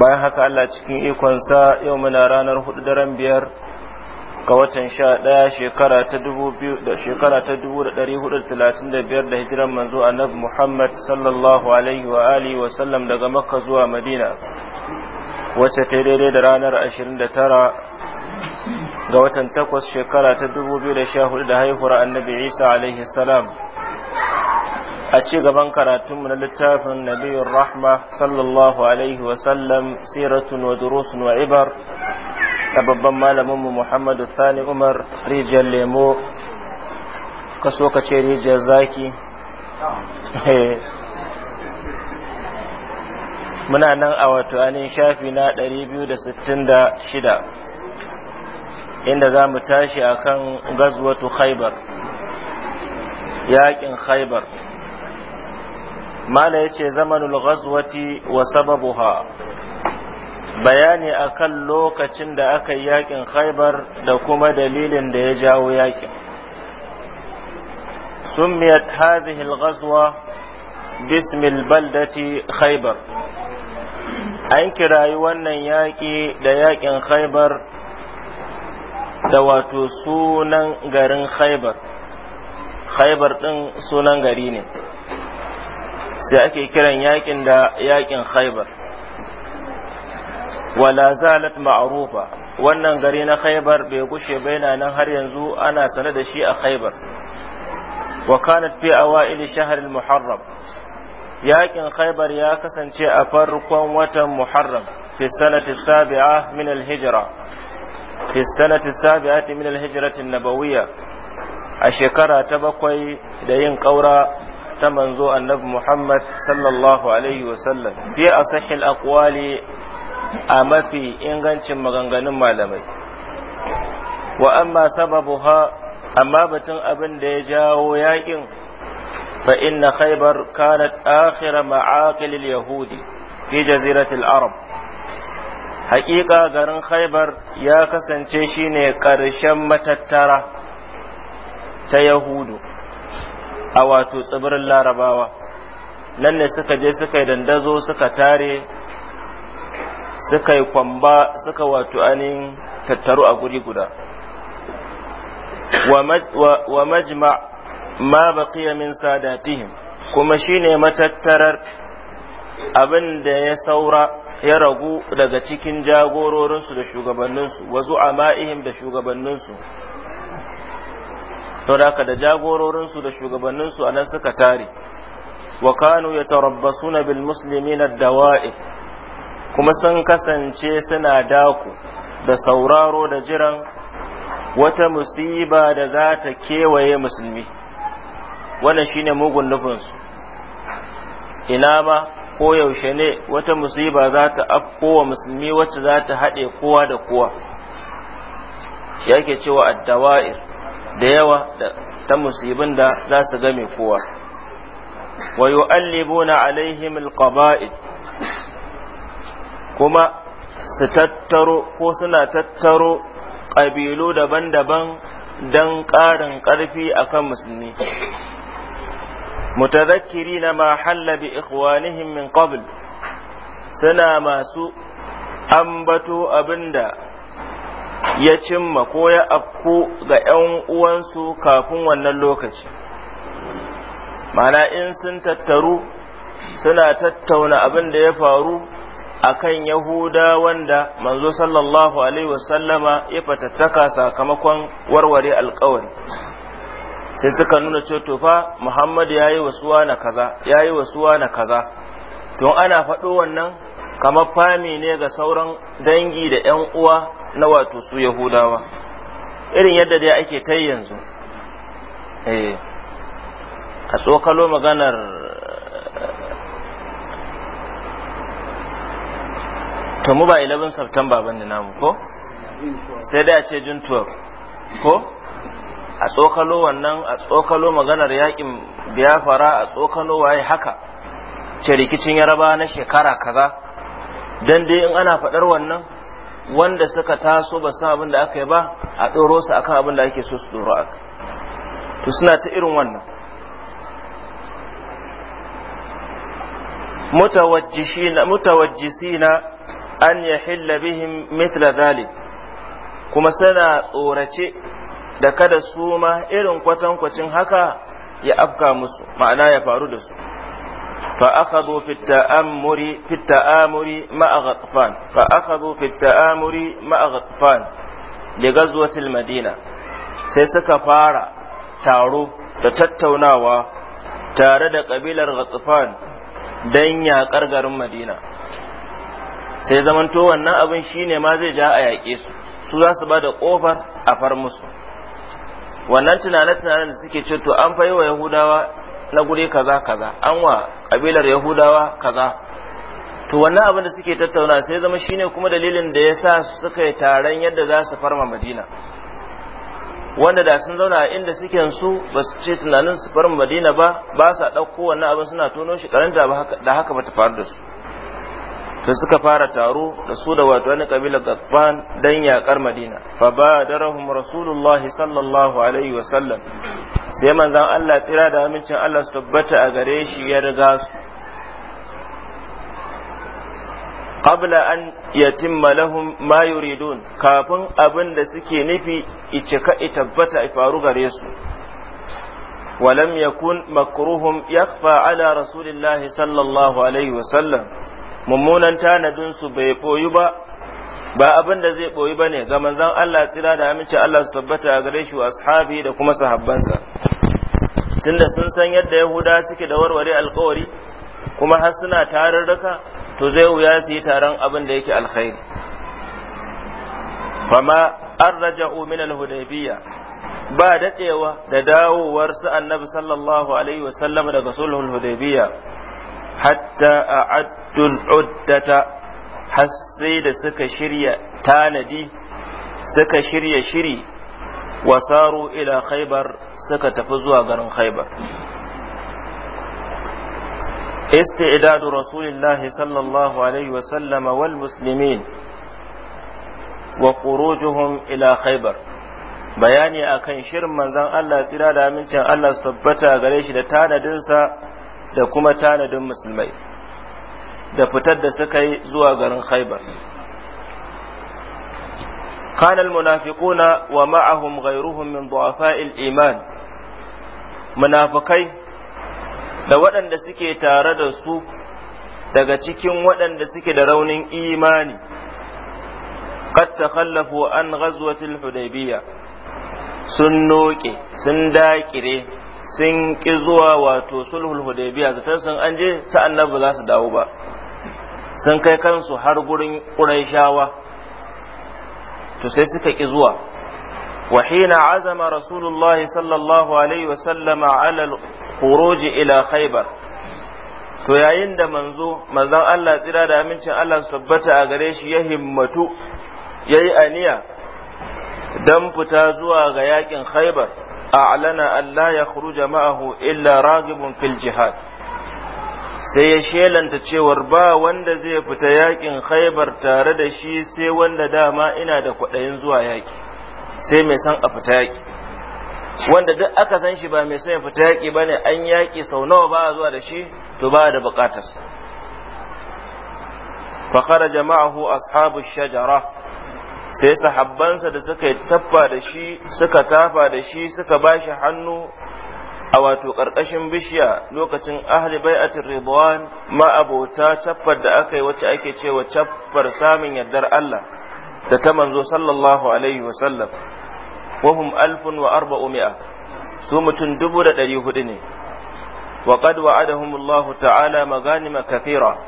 bayan haka Allah cikin ikonsa yau muna ranar hudu daren biyar ga watan sha ɗaya shekara ta dubu da shekara ta 1435 da ɗari talatin da biyar da hijiran manzo annabi Muhammad sallallahu alaihi wa alihi wa sallam daga Makka zuwa Madina wacce ta daidai da ranar ashirin da tara ga watan takwas shekara ta 2014 da haihuwar annabi isa alaihi salam a ci gaban karatunmu na littafin nabiyun rahma sallallahu alaihi wasallam siratun wa durusun wa ibar da babban malaminmu muhammadu thani umar rijiyar lemo kaso ka ce rijiyar zaki muna nan a wato anin shafi na 266 inda za mu tashi a kan gazuwatu khaibar yaƙin khaibar mala ya ce zamanul gazuwati wa sababuha bayani a kan lokacin da aka yi yaƙin khaibar da kuma dalilin da ya jawo yaƙin summiyat hazihi al bismil baldati khaibar an kirayi wannan yaƙi da yaƙin khaibar da wato sunan garin khaibar khaibar ɗin sunan gari ne sai ake kiran yakin da yakin khaibar wala zalat ma'rufa wannan gari na khaibar bai gushe baina nan har yanzu ana sane da shi a khaibar wa kanat fi awail shahr al-muharram yakin khaibar ya kasance a farkon watan muharram fi sanati sabi'a min al-hijra fi sanati sabi'ati min al-hijrati nabawiyya a shekara ta bakwai da yin kaura ta manzo annabi Muhammad sallallahu alaihi wa sallam fi asahil aqwali a mafi ingancin maganganun malamai wa amma sababuha amma batun abin da ya jawo yaƙin fa inna khaybar kanat akhir ma'aqil yahudi fi jaziratil arab hakika garin khaibar ya kasance shine ƙarshen matattara ta yahudu a wato tsibirin larabawa nan ne suka je suka yi dandazo suka tare suka yi kwamba suka wato anin tattaru a guri guda wa majma ma baqiya min sadatihim kuma shine matattarar abin da ya saura ya ragu daga cikin jagororinsu da shugabanninsu wasu ama'ihim da shugabanninsu to da da jagororinsu da shugabanninsu a nan suka tare wa kanu ya suna bil na dawa'i kuma sun kasance suna daku da sauraro da jiran wata musiba da za ta kewaye musulmi wannan shine mugun nufinsu ina ba. koyaushe ne wata musiba za ta wa musulmi wacce za ta haɗe kowa da kowa shi yake cewa addawa'ir da yawa ta musibin da za su game kowa wa yu'allibuna alaihim alqaba'id kuma su tattaro ko suna tattaro ƙabilu daban-daban don ƙarin ƙarfi akan musulmi mutadhakkirina ma halla bi ikhwanihim min qabl suna masu ambato abinda ya cimma ko ya afku ga 'yan uwansu kafin wannan lokaci mana in sun tattaru suna tattauna abin da ya faru a kan yahuda wanda manzo sallallahu alaihi wasallama ya fatattaka sakamakon warware alkawari sai suka nuna cewa to fa Muhammad yayi wasuwa na kaza yayi wasuwa na kaza tun ana faɗo wannan kamar fami ne ga sauran dangi da ƴan uwa na wato su Yahudawa irin yadda dai ake ta yanzu eh a tsokalo maganar to mu ba 11 September ban namu ko sai dai a ce June 12 ko a tsokalo wannan a tsokalo maganar yakin biyafara a tsokalo waye haka ce rikicin yaraba na shekara kaza dan dai in ana faɗar wannan wanda suka taso ba san abin da aka yi ba a ɗoro su akan abin da ake so su ɗoro aka to suna ta irin wannan mutawajjisina an yahilla bihim mithla dhalik kuma suna tsorace da kada su ma irin kwatankwacin haka ya afka musu ma'ana ya faru da su fa فأخذوا في التآمر في التآمر مع غطفان فأخذوا ma التآمر مع غطفان لغزوة madina sai suka fara taro da tattaunawa tare da ƙabilar ghatfan dan yaƙar garin Madina sai zamanto wannan abin shine ma zai ja a yaƙe su su za su ba da ƙofar a far musu wannan tunanin tunanen da suke ce to an wa yahudawa na guri kaza kaza an wa kabilar yahudawa kaza to wannan abin da suke tattauna sai zama shine kuma dalilin da ya sa suka yi taron yadda za su farma madina wanda da sun zauna a inda suke su ba su ce tunanin su farma madina ba ba sa ɗauko wannan abin suna tono shi karanta da haka ba ta faru da su da suka fara taro da su da wato wani kabilar Gatsban dan yaƙar Madina fa badarahum Rasulullahi sallallahu alaihi wa sallam sai manzon Allah tsira da amincin Allah su tabbata a gare shi ya riga su qabla an yatimma lahum ma yuridun kafin abin da suke nufi icika tabbata faru gare su ولم يكن مكرهم يخفى على رسول الله صلى الله عليه وسلم mummunan tanadinsu bai ɓoyi ba ba abin da zai ɓoyi ba ne ga manzon Allah tsira da aminci Allah su tabbata a gare shi wa ashabi da kuma sahabbansa tunda sun san yadda yahuda suke da warware alkawari kuma har suna tarurruka to zai wuya su yi taron abin da yake alkhairi fama an raja'u min al ba dadewa da dawowar su annabi sallallahu alaihi wasallam daga sulhul hudaybiyya hatta a uddata har sai da suka shirya tanadi suka shirya shiri wasaru ila khaybar suka tafi zuwa garin khaybar استعداد رسول الله صلى الله عليه وسلم والمسلمين وخروجهم إلى خيبر bayani akan shirin manzon Allah tsira da amincin Allah su tabbata gare shi da tanadinsa da kuma tanadin musulmai da fitar da suka yi zuwa garin khaibar Kanal munafiquna wa ma'ahum ghayruhum min du'afa'il iman munafikai da waɗanda suke tare da su daga cikin waɗanda suke da raunin imani qad takhallafu an ghazwatil hudaybiyah sun noke sun dakire sun ƙi zuwa wato sulhul hudaybiya zatar sun an je sa'an na ba za su dawo ba sun kai kansu har gurin shawa. to sai suka ƙi zuwa wa hina azama rasulullahi sallallahu alaihi wa sallama ala khuruji ila khaybar to yayin da manzo manzon Allah tsira da amincin Allah su tabbata a gare shi ya himmatu yayi aniya dan fita zuwa ga yakin khaybar a'lana an la yakhruja ma'ahu illa raghibun fil jihad sai ya shelanta cewar ba wanda zai fita yakin haibar tare da shi sai wanda dama ina da kwaɗayin zuwa yaki sai mai san a fita yaki wanda duk aka san shi ba mai san ya fita yaki bane an yaki sau nawa ba zuwa da shi to ba da bukatarsa fa kharaja ma'ahu ashabu shajara sai sahabbansa da suka tafa da shi suka tafa da shi suka ba shi hannu a wato ƙarƙashin bishiya lokacin ahli bai'atir ridwan ma abota taffar da aka yi wacce ake cewa taffar samun yardar Allah da ta manzo sallallahu alaihi wa sallam wahum alfun wa arba'u mi'a su mutum dubu da ɗari hudu ne wa qad wa'adahum Allah ta'ala maganima kafira.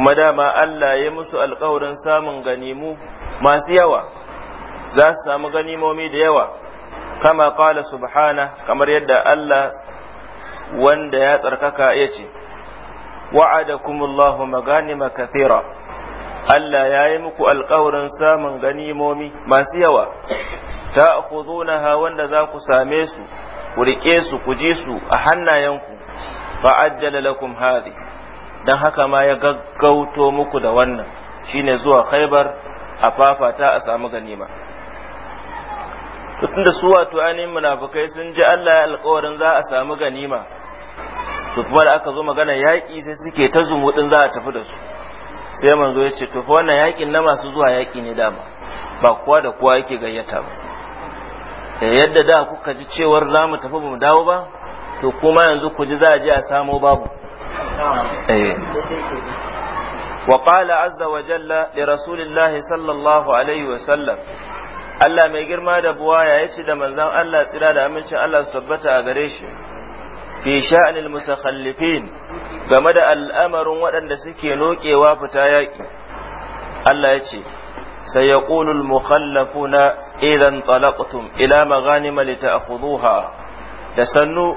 kuma dama Allah ya musu alkawarin samun ganimu masu yawa za su samu ganimomi da yawa kama kala subhana kamar yadda Allah wanda ya tsarkaka ya ce wa'adakumullahu maganima kathira Allah ya yi muku alkawarin samun ganimomi masu yawa ta ha wanda za ku same su ku riƙe su ku ji su a hannayenku fa'ajjala lakum hadhihi don haka ma ya gaggauto muku da wannan shine zuwa khaibar a fafata a samu ganima tutun da su wato ainihin munafukai sun ji Allah ya alkawarin za a samu ganima to kuma da aka zo magana yaƙi sai suke ta zumuɗin za a tafi da su sai manzo ya ce to fa wannan yaƙin na masu zuwa yaƙi ne dama ba kowa da kowa yake gayyata ba yadda da kuka ji cewar za mu tafi ba mu dawo ba to kuma yanzu ku ji za a je a samo babu وقال عز وجل لرسول الله صلى الله عليه وسلم Allah mai girma da buwaya ya ci da manzan Allah tsira da amincin Allah su tabbata a gare shi fi sha'anil mutakhallifin game da al'amarin waɗanda suke nokewa fita yaƙi Allah ya ce sai ya ƙulul mukhallafuna idan talaqtum ila maghanima lita'khudhuha da sannu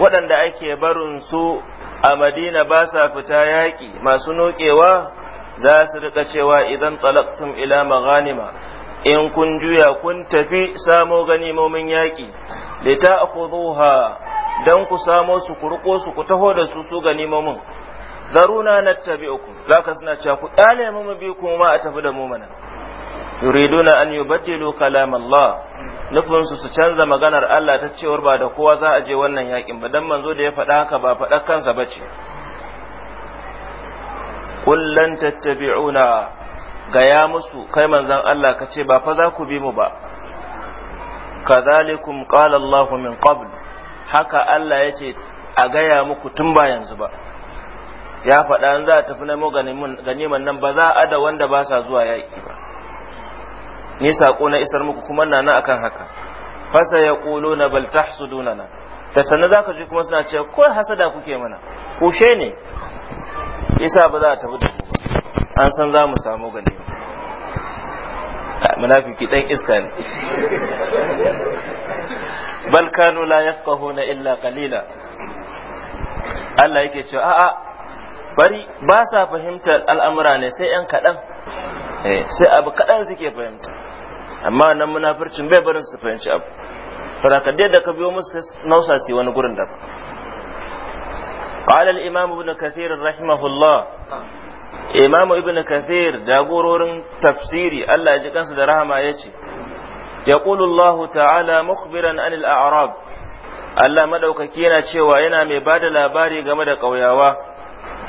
waɗanda ake barin su a madina ba sa fita yaƙi masu noƙewa za su rika cewa idan talaktum ila maghanima in kun juya kun tafi samo ganimomin yaƙi da ta don ku samo su ku riko su ku taho da su su ganimomin zaruna na tabi uku za ka suna cewa ku ƙyale mu bi kuma a tafi da mu yuriduna an yubaddilu kalam Allah nufin su su canza maganar Allah ta cewar ba da kowa za a je wannan yakin ba dan manzo da ya faɗa haka ba faɗa kansa bace kullan tattabi'una gaya musu kai manzon Allah ka ce ba fa za ku bi mu ba kadhalikum qala Allah min qabl haka Allah yace a gaya muku tun ba yanzu ba ya faɗa an za a tafi na mu ganiman nan ba za a da wanda ba sa zuwa yaƙi ba ni saƙo na isar muku kuma na na akan haka fasa ya ƙulo na bal tahsudunana da sannan za ka ji kuma suna cewa ko hasada kuke mana kushe ne isa ba za a tafi da ku ba an san za mu samu gani munafiki dan iska ne bal kanu la yafqahuna illa qalila Allah yake cewa a'a bari ba sa fahimtar al'amura ne sai yan kaɗan Eh, sai abu kaɗan suke fahimta amma nan munafircin bai barin su fahimci abu farakadai da ka biyo musu nausa su wani gurin da قال Imam Ibn Kathir رحمه الله إمام ابن كثير جاغورور تفسيري da Rahama درهما يشي يقول ta'ala تعالى مخبرا عن Arab. Allah maɗaukaki yana cewa yana mai ba da labari game da ƙauyawa,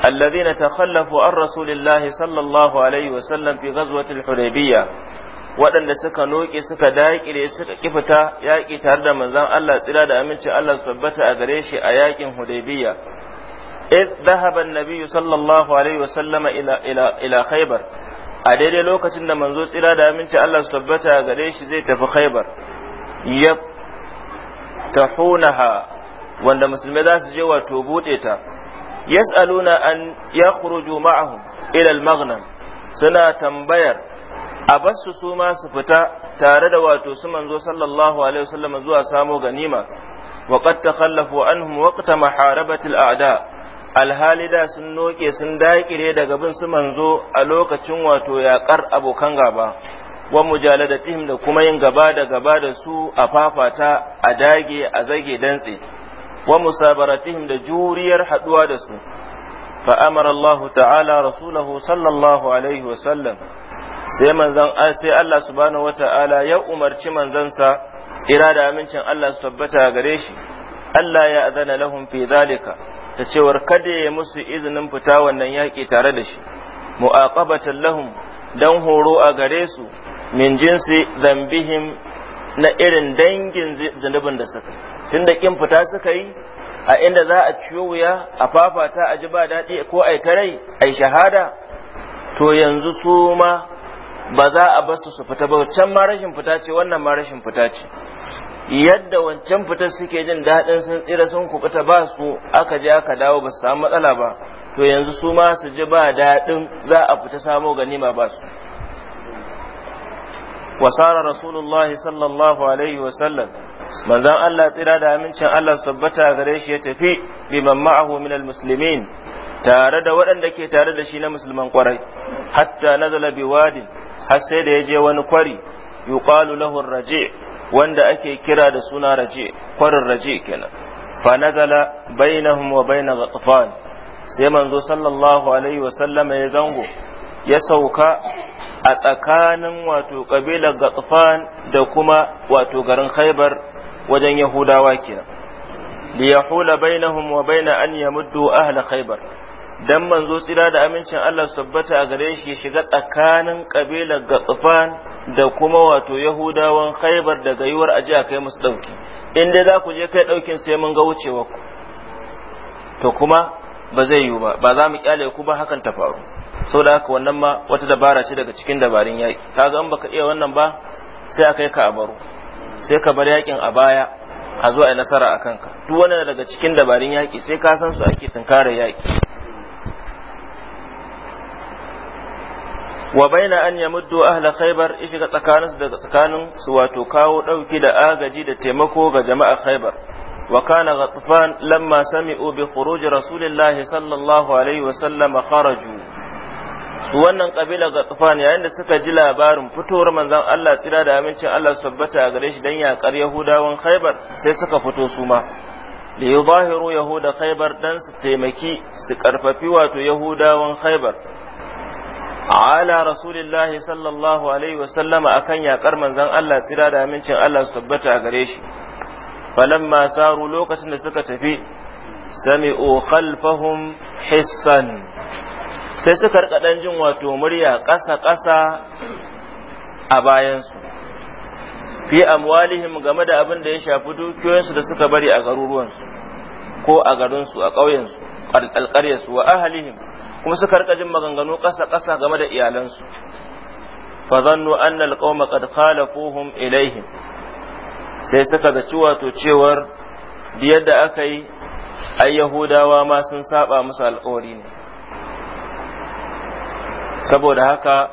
الذين تخلفوا عن رسول الله صلى الله عليه وسلم في غزوة الحديبية waɗanda suka noƙe suka daƙile suka ƙi fita yaƙi tare da manzon Allah tsira da aminci Allah sabbata a gare shi a yaƙin Hudaybiya إذ ذهب النبي صلى الله عليه وسلم إلى إلى إلى خيبر a daidai lokacin da manzo tsira da aminci Allah su tabbata gare shi zai tafi khaibar ya tahunaha wanda musulmai za su je wato buɗe ta yas'aluna an yakhruju ma'ahum ila al-maghnam suna tambayar a basu su ma su fita tare da wato su manzo sallallahu alaihi wasallam zuwa samo ganima wa qad takhallafu anhum waqta maharabati al-a'da alhali da sun noke sun daƙire daga bin su manzo a lokacin wato yaƙar abokan gaba wa mujaladatihim da kuma yin gaba da gaba da su a fafata a dage a zage dantse wa musabarati musabaratihim da juriyar haduwa da su fa ta'ala rasulahu sallallahu alaihi wa sallam sai manzon sai Allah subhanahu wata'ala ya umarci manzansa tsira da amincin Allah su tabbata gare shi Allah ya azana lahum fi ta cewar kada ya musu izinin fita wannan yaki tare da shi mu mu'aqabatan lahum dan horo a gare su min jinsi zambihim na irin dangin zinubin da suka tun da kin fita suka yi a inda za a ciyo wuya a fafata a ji ba daɗi ko ai tarai ai shahada to yanzu su ma ba za a basu su fita ba can ma rashin fita ce wannan ma rashin fita ce yadda wancan fitar suke jin daɗin sun tsira sun kubuta ba su aka je aka dawo ba su samu matsala ba to yanzu su ma su ji ba daɗin za a fita samo ganima ba su Wasarar رسول الله صلى الله عليه وسلم manzon Allah tsira da amincin Allah su tabbata gare shi ya tafi liman ma'ahu min tare da waɗanda ke tare da shi na musulman kwarai hatta nazala biwadin har sai da ya je wani kwari yuqalu lahu raje wanda ake kira da suna raje kwarin raje kenan fa nazala bainahum wa bain ghatfan sai manzo sallallahu alaihi wa sallama ya zango ya sauka a tsakanin wato ƙabilar gatsufan da kuma wato garin khaibar wajen yahudawa kenan li yahula bainahum wa baina an yamuddu ahla khaibar dan manzo tsira da amincin Allah subhanahu tabbata a gare shi ya shiga tsakanin kabilar Gatsufan da kuma wato Yahudawan Khaibar daga yiwar aji a kai musu dauki in dai za ku je kai daukin sai mun ga wucewa ku to kuma ba zai yiwu ba ba za mu kyale ku ba hakan ta faru so da haka wannan ma wata dabara ce daga cikin dabarun yaƙi kaga in baka iya wannan ba sai aka yi ka a baro sai ka bar yaƙin a baya a zo a yi nasara a kanka duk wannan daga cikin dabarun yaƙi sai ka san su ake tunkara yaƙi wa baina an yamuddu ahla khaybar ishiga tsakanin su daga tsakanin su wato kawo dauki da agaji da taimako ga jama'a khaybar wa kana ghatfan lamma sami'u bi khuruj rasulillahi sallallahu alaihi wa sallam kharaju wannan kabila Ghatfan yayin da suka ji labarin fitowar manzon Allah tsira da amincin Allah su tabbata a gare shi dan yakar Yahudawan Khaibar sai suka fito su ma li yudahiru Yahuda Khaibar dan su taimaki su karfafi wato Yahudawan Khaibar ala rasulillah sallallahu alaihi wa sallama akan yakar manzon Allah tsira da amincin Allah su tabbata a gare shi falamma saru lokacin da suka tafi sami'u khalfahum hissan sai suka rika dan jin wato murya ƙasa-ƙasa a bayansu fi amwalihim game da abin da ya shafi dukiyoyinsu da suka bari a garuruwansu ko a garinsu a ƙauyensu alƙaryarsu wa ahalihim kuma suka rika jin maganganu ƙasa-ƙasa game da iyalansu fa zannu anna alqawma qad khalafuhum ilaihim sai suka zaci wato cewar da yadda aka yi ai yahudawa ma sun saba musu alƙawari ne saboda haka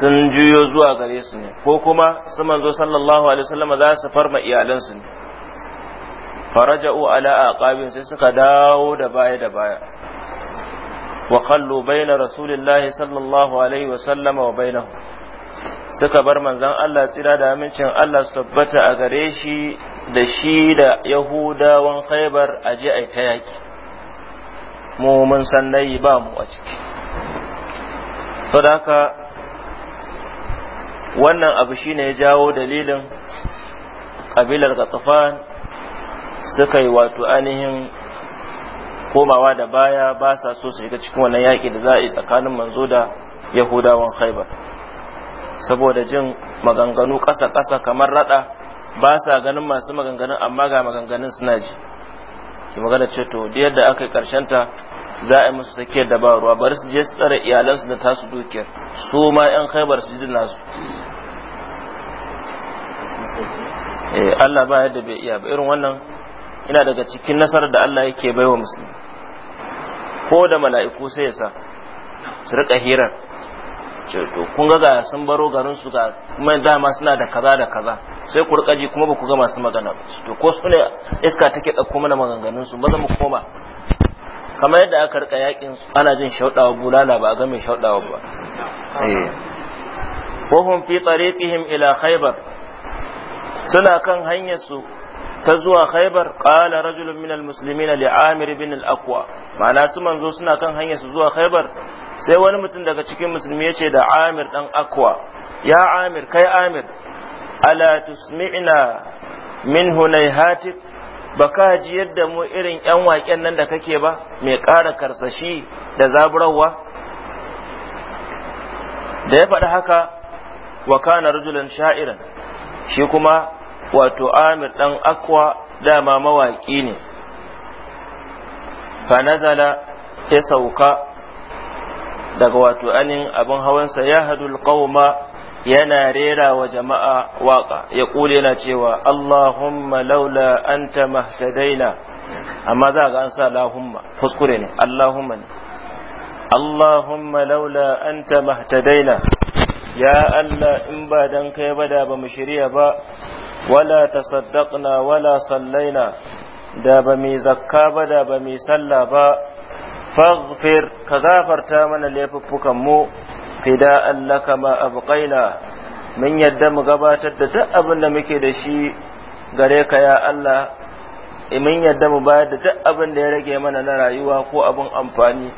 sun juyo zuwa gare su ne ko kuma su manzo sallallahu alaihi wasallam za su farma iyalansu ne faraja'u ala aqabin sai suka dawo da baya da baya wa khallu baina rasulillahi sallallahu alaihi wasallam wa bainahu suka bar manzon Allah tsira da amincin Allah su tabbata a gare shi da shi da yahudawan khaybar aje ai ta yaki mu mun san ba mu a ciki saboda wannan abu shine ya jawo dalilin kabilar gatsafan suka yi wato ainihin komawa da baya ba sa so su shiga cikin wannan yaƙi da za a yi tsakanin manzo da yahudawan khaibar saboda jin maganganu ƙasa-ƙasa kamar raɗa ba sa ganin masu maganganun amma ga maganganun suna ji ki magana ce to da yadda aka yi ta za a yi musu sake da bari su je su tsare iyalansu da tasu dukiyar su ma yan khaibar su ji nasu eh, Allah ba yadda bai iya ba irin wannan ina daga cikin nasarar da Allah yake baiwa musulmi ko da mala'iku sai ya sa su rika hirar to kun ga sun baro garin su ga kuma dama suna da kaza da kaza sai ku rika ji kuma ba ku ga masu magana to ko su ne iska take kuma mana maganganun su maza mu koma kamar yadda aka rika yakin ana jin shaudawa bulala ba a ga mai shaudawa ba eh. wahum fi tariqihim ila khaybar suna kan hanyar su ta zuwa khaybar qala rajulun min almuslimin li amir bin al-aqwa ma'ana su manzo suna kan hanyar su zuwa khaybar sai wani mutum daga cikin musulmi yace da amir dan aqwa ya amir kai amir ala tusmi'na min hunayhatik ba ka ji yadda mu irin 'yan waƙen nan da kake ba mai ƙara karsashi da zaburarwa da ya faɗi haka wa kana rajulan sha'iran shi kuma wato amir ɗan akwa dama mawaƙi ne fa nazala ya sauka daga wato anin abin hawansa ya hadu qauma yana rera wa jama'a waƙa ya ƙule yana cewa Allahumma laula anta mahtadaina amma za ga an sa lahumma kuskure ne Allahumma ne Allahumma laula anta mahtadaina ya Allah in ba don kai ba da ba mu shirya ba wala tasaddaqna wala sallaina da ba mu zakka ba da ba mu salla ba faghfir ka gafarta mana laifuffukan mu fida laka ma abqaina mun yadda mu gabatar da duk abin da muke da shi gare ka ya Allah mun yadda mu bayar da duk abin da ya rage mana na rayuwa ko abin amfani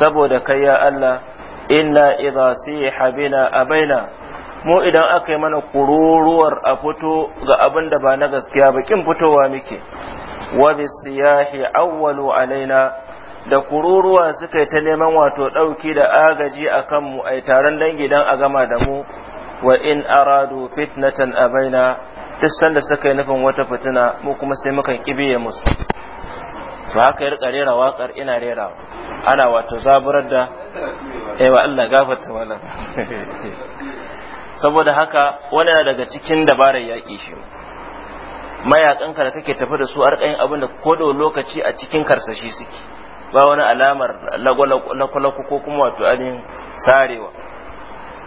saboda kai ya Allah inna idza siha bina abaina mu idan aka yi mana kururuwar a fito ga abin da ba na gaskiya ba kin fitowa muke wa bisiyahi awwalu alaina da kururuwa suka yi ta neman wato ɗauki da agaji a kanmu a taron dangi don a gama da mu wa in aradu fitnatan a baina duk sanda suka yi nufin wata fitina mu kuma sai mukan kibiye musu to haka ya rera waƙar ina rera ana wato zaburar da wa Allah gafata wala saboda haka wani daga cikin dabarar yaƙi shi mayakanka da kake tafi da su arƙayin abin da kodo lokaci a cikin karsashi suke ba wani alamar lagwalako ko kuma wato ainihin sarewa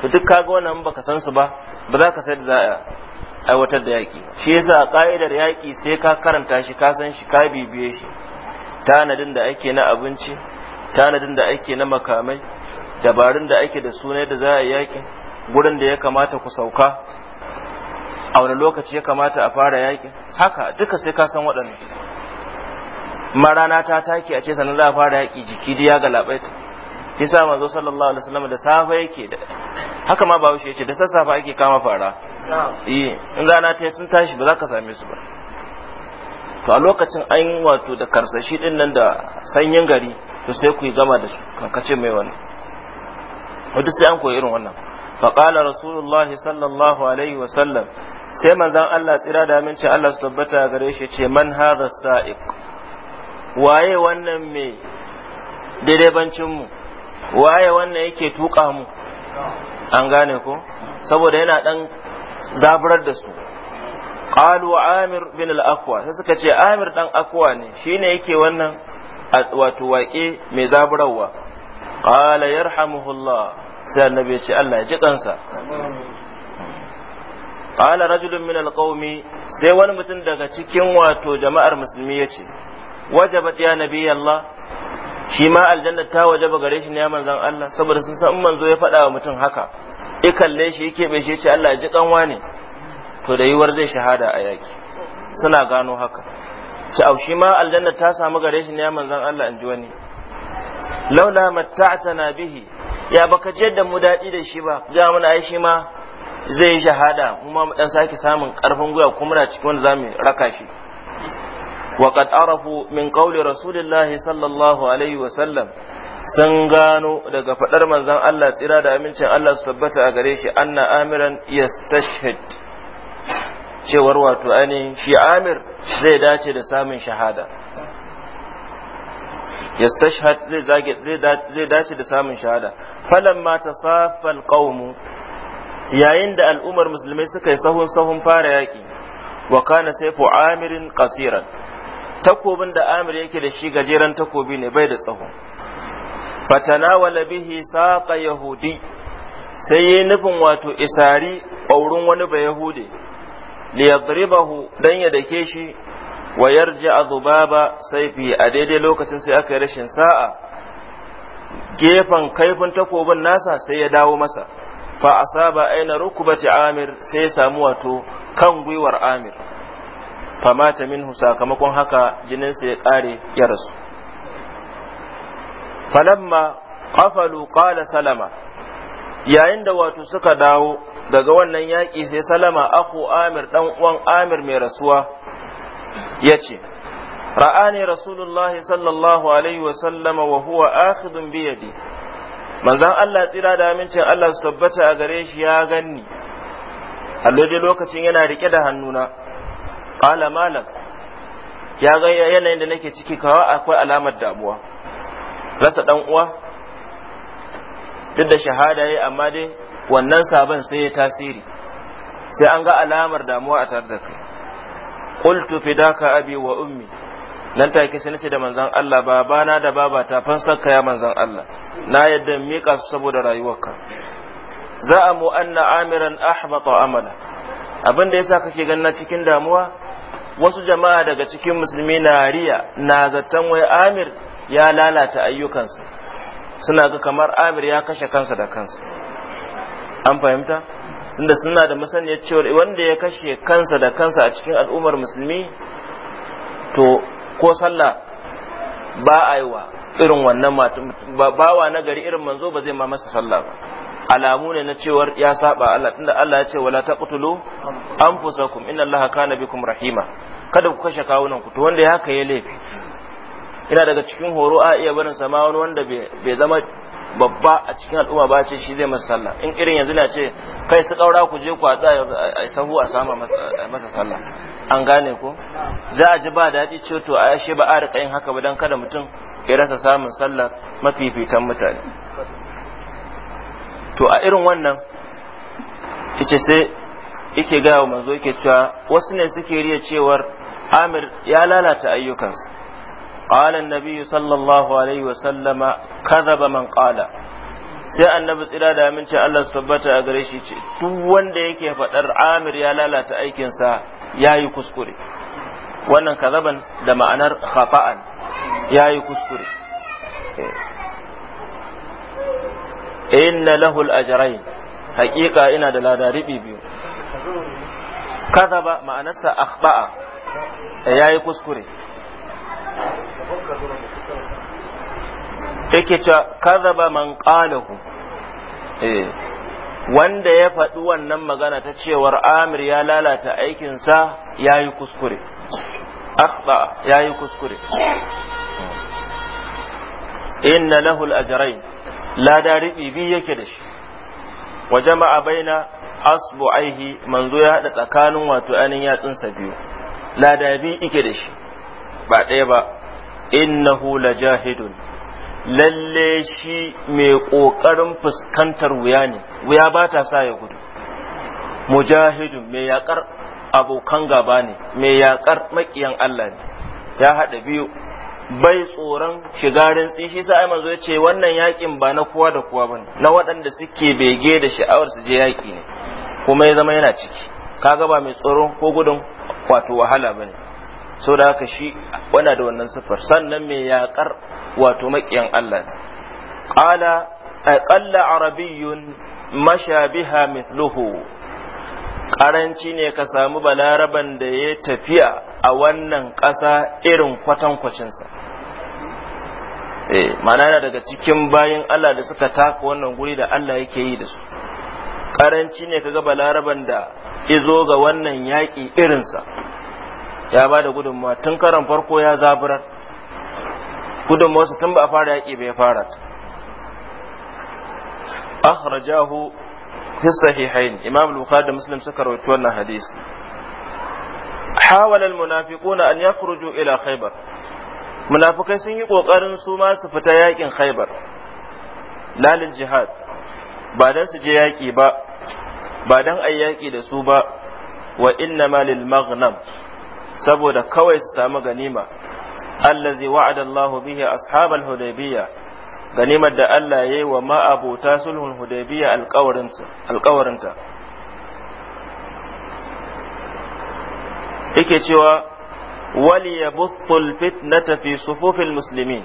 to duk kaga wannan baka san su ba ba za ka sai da za a aiwatar da yaƙi shi yasa a ka'idar yaƙi sai ka karanta shi ka san shi ka bibiye shi tanadin da ake na abinci tanadin da ake na makamai dabarun da ake da suna da za a yaƙi gurin da ya kamata ku sauka a wani lokaci ya kamata a fara yaƙi haka duka sai ka san waɗannan ma rana ta take a ce sannan za a fara yaƙi jiki da ya galabaita yasa manzo sallallahu alaihi wasallam da safe yake da haka ma bawo shi yace da sassafe ake kama fara eh in rana ta sun tashi ba za ka same su ba to a lokacin an wato da karsashi din nan da sanyin gari to sai ku yi gama da su kankace mai wani wadda sai an koyi irin wannan faƙala rasulullahi sallallahu alaihi wasallam sai manzan allah tsira da aminci allah su tabbata gare shi ce man hadha sa'iq waye wannan mai mu waye wannan yake tuka mu an gane ko saboda yana dan zaburar da su qalu amir bin al-aqwa sai suka ce amir dan akwa ne shine yake wannan wato waƙe mai zaburarwa qala yarhamuhullah sai annabi ce Allah ya ji kansa qala rajulun min al-qaumi sai wani mutum daga cikin wato jama'ar musulmi yace wajabat ya nabi Allah shi ma aljanna ta wajaba gare shi ne ya manzon Allah saboda sun san manzo ya faɗa wa mutum haka ya kalle shi yake bai shi ce Allah ya ji kanwa ne to da yiwuwar zai shahada a yaki suna gano haka shi au shi ma aljanna ta samu gare shi ne ya manzon Allah in ji wani laula matta'tana bihi ya baka jiyar da mu daɗi da shi ba ga mun ai shi ma zai yi shahada kuma mu dan sake samun karfin gwiwa kuma muna cikin wanda zamu raka shi وقد عرفوا من قول رسول الله صلى الله عليه وسلم sun gano daga faɗar manzon Allah tsira da amincin Allah su tabbata a gare shi anna amiran yastashhad cewar wato ani shi amir zai dace da samun shahada yastashhad zai dace da samun shahada falamma tasaffa alqawmu yayin da al'ummar musulmai suka yi sahun sahun fara yaki wa kana sayfu amirin qasiran takobin da amir yake da shi gajeren takobi ne bai da tsaho Fatana fatanawala bihi saƙa yahudi sai yayi nufin wato isari ƙaurin wani ba yahudi li yadribahu dan ya dake shi wa yarji Zubaba sai fi a daidai lokacin sai aka yi rashin sa'a gefen kaifin takobin nasa sai ya dawo masa fa asaba aina rukubati amir sai ya samu wato kan gwiwar amir famata minhu sakamakon haka jininsa ya ƙare ya rasu falamma qafalu ƙala salama yayin da wato suka dawo daga wannan yaƙi sai salama aku amir ɗan uwan amir mai rasuwa ya ce ra'ani rasulullahi sallallahu alaihi wa sallama wa huwa akhidun bi yadi manzon Allah tsira da amincin Allah su tabbata a gare shi ya ganni a lokacin yana rike da hannuna qala malam ya ga yanayin da nake ciki kawa akwai alamar damuwa rasa dan uwa duk da shahada yayi amma dai wannan saban sai ya tasiri sai an ga alamar damuwa a tare da kai qultu fidaka abi wa ummi nan take sai nace da manzon Allah babana da babata fansarka ya manzon Allah na yadda mika su saboda rayuwarka za'amu anna amiran ahbata amala abin da yasa kake ganna cikin damuwa wasu jama'a daga cikin musulmi na riya na zaton wai amir ya lalata ayyukansa suna ga kamar amir ya kashe kansa da kansa an fahimta tunda suna da masaniyar cewar wanda ya kashe kansa da kansa a cikin al'ummar musulmi to ko sallah ba a yi wa irin wannan ba wa na gari irin manzo ba zai ma masa sallah ba alamu ne na cewar ya saba Allah tunda Allah ya ce wala taqtulu anfusakum inna Allaha kana bikum rahima kada ku kashe kawunan ku to wanda ya haka ya laifi ina daga cikin horo a iya barin sama wani wanda bai zama babba a cikin al'umma ba ce shi zai masa sallah in irin yanzu na ce kai su kaura ku je ku a sahu a sama masa sallah an gane ko za a ji ba daɗi ce to a yashe ba a rika yin haka ba dan kada mutum ya rasa samun sallah mafifitan mutane to a irin wannan yace sai yake gaya wa manzo yake cewa wasu ne suke riya cewar amir ya lalata ayyukansa qala annabi sallallahu alaihi wa sallama kadhaba man qala sai annabi tsira da aminci Allah su tabbata a gare shi ce duk wanda yake faɗar amir ya lalata aikin sa yi kuskure wannan kazaban da ma'anar khafa'an yayi kuskure eh. inna lahul ajrayn haƙiƙa ina da lada biyu kadaba ma'anarsa akhba'a eh, yayi kuskure yake cewa kadaba man qalahu eh wanda ya faɗi wannan magana ta cewar amir ya lalata aikinsa ya yi kuskure akhba ya yi kuskure inna lahul ajrayn lada riɓi biyu yake da shi wa jama'a baina asbu'aihi manzo ya haɗa tsakanin wato anin yatsunsa biyu lada biyu yake da shi ba ɗaya ba innahu jahidun. lalle shi mai ƙoƙarin fuskantar wuya ne wuya ba ta sa ya gudu mujahidun mai yaƙar abokan gaba ne mai yaƙar maƙiyan Allah ne ya haɗa biyu bai tsoron shiga rintsi shi sa manzo ya ce wannan yakin ba na kowa da kowa bane na waɗanda suke bege da sha'awar su je yaki ne kuma ya zama yana ciki kaga ba mai tsoron ko gudun wato wahala bane saboda haka shi wana da wannan sifar sannan mai yaƙar wato makiyan Allah qala aqalla arabiyyun masha biha mithluhu ƙaranci ne ka samu balaraban da ya tafiya a wannan ƙasa irin kwatankwacinsa eh, mana yana daga cikin bayan Allah da suka taka wannan guri da Allah yake yi da su ƙaranci ne kaga balaraban da izo ga wannan yaƙi irinsa ya ba da gudunmawa tun karan farko ya zaburar su tun ba a fara yaƙi bai fara ta akhrajahu fi sahihain imam bukhari da muslim suka rawaito wannan hadisi hawala almunafiquna an yakhruju ila khaibar. munafukai sun yi ƙoƙarin su ma su fita yaƙin khaibar. lalil jihad ba dan su je yaki ba ba dan ai yaki da su ba wa inna ma lil maghnam saboda kawai su samu ganima allazi wa'ada Allahu bihi ashabal hudaybiyah ganimar da Allah ya yi wa ma'abota sulhun hudaybiya alkawarinta yake cewa wali ya buthul fitnata fi sufufil musulmi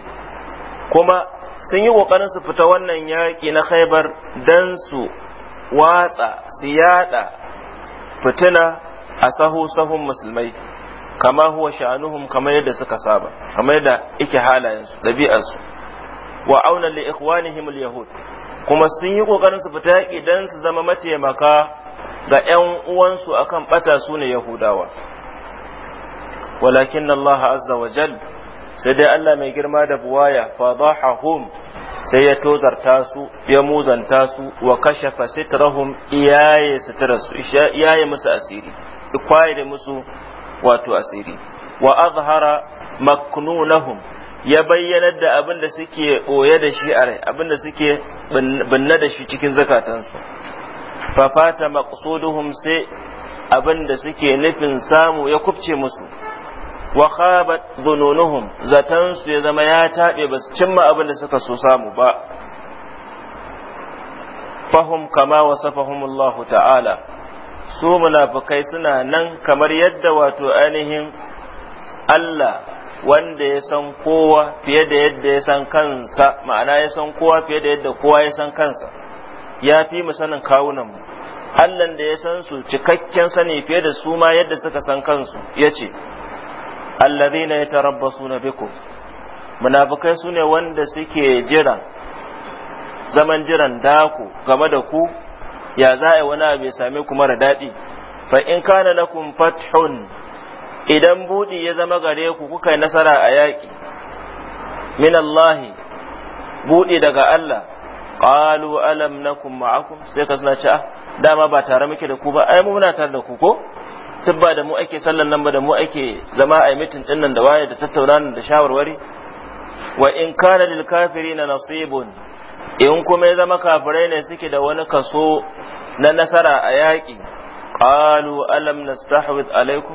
kuma sun yi ƙoƙarin su fita wannan yaƙi na khaibar don su watsa su yaɗa fitina a sahu sahun musulmai kama huwa sha'anuhum kamar yadda suka saba kamar yadda ike halayensu ɗabi'arsu wa auna li ikhwanihim al-yahud kuma sun yi kokarin su fita yaki dan su zama mataimaka ga ƴan uwansu akan bata su ne yahudawa walakin Allah azza wa jal sai dai Allah mai girma da buwaya fadahahum sai ya tozarta su ya muzanta su wa kashafa sitrahum iyaye sitrasu iyaye musu asiri ikwaye da musu wato asiri wa azhara maknunahum ya bayyanar da abin da suke ɓoye da shi a rai abin da suke binne da shi cikin zakatansu fa fata maqsuduhum sai abin da suke nufin samu ya kubce musu wa khabat dhununuhum zatan ya zama ya tabe basu cimma abin da suka so samu ba fahum kama wasafahum Allah ta'ala su munafikai suna nan kamar yadda wato ainihin Allah wanda ya san kowa fiye da yadda ya san kansa ma'ana ya san kowa fiye da yadda kowa ya san kansa ya fi mu sanin kawunan mu Allahn da ya san su cikakken sani fiye da su ma yadda suka san kansu ya ce allazina suna biku. Munafukai su ne wanda suke jira zaman jiran daku game da ku ya za a wani abu ya same ku mara daɗi fa in kana lakum fathun idan buɗi ya zama gare ku kuka nasara a yaƙi min Allahi buɗi daga Allah qalu alam nakum ma'akum sai ka suna ci ah, dama ba tare muke da ku ba ai mu muna tare da ku ko tubba da mu ake sallan nan ba da mu ake zama a mitin din nan da waye da tattauna da shawarwari wa in kana lil kafirina nasibun in kuma ya zama kafirai ne suke da wani kaso na nasara a yaƙi qalu alam nastahwid alaikum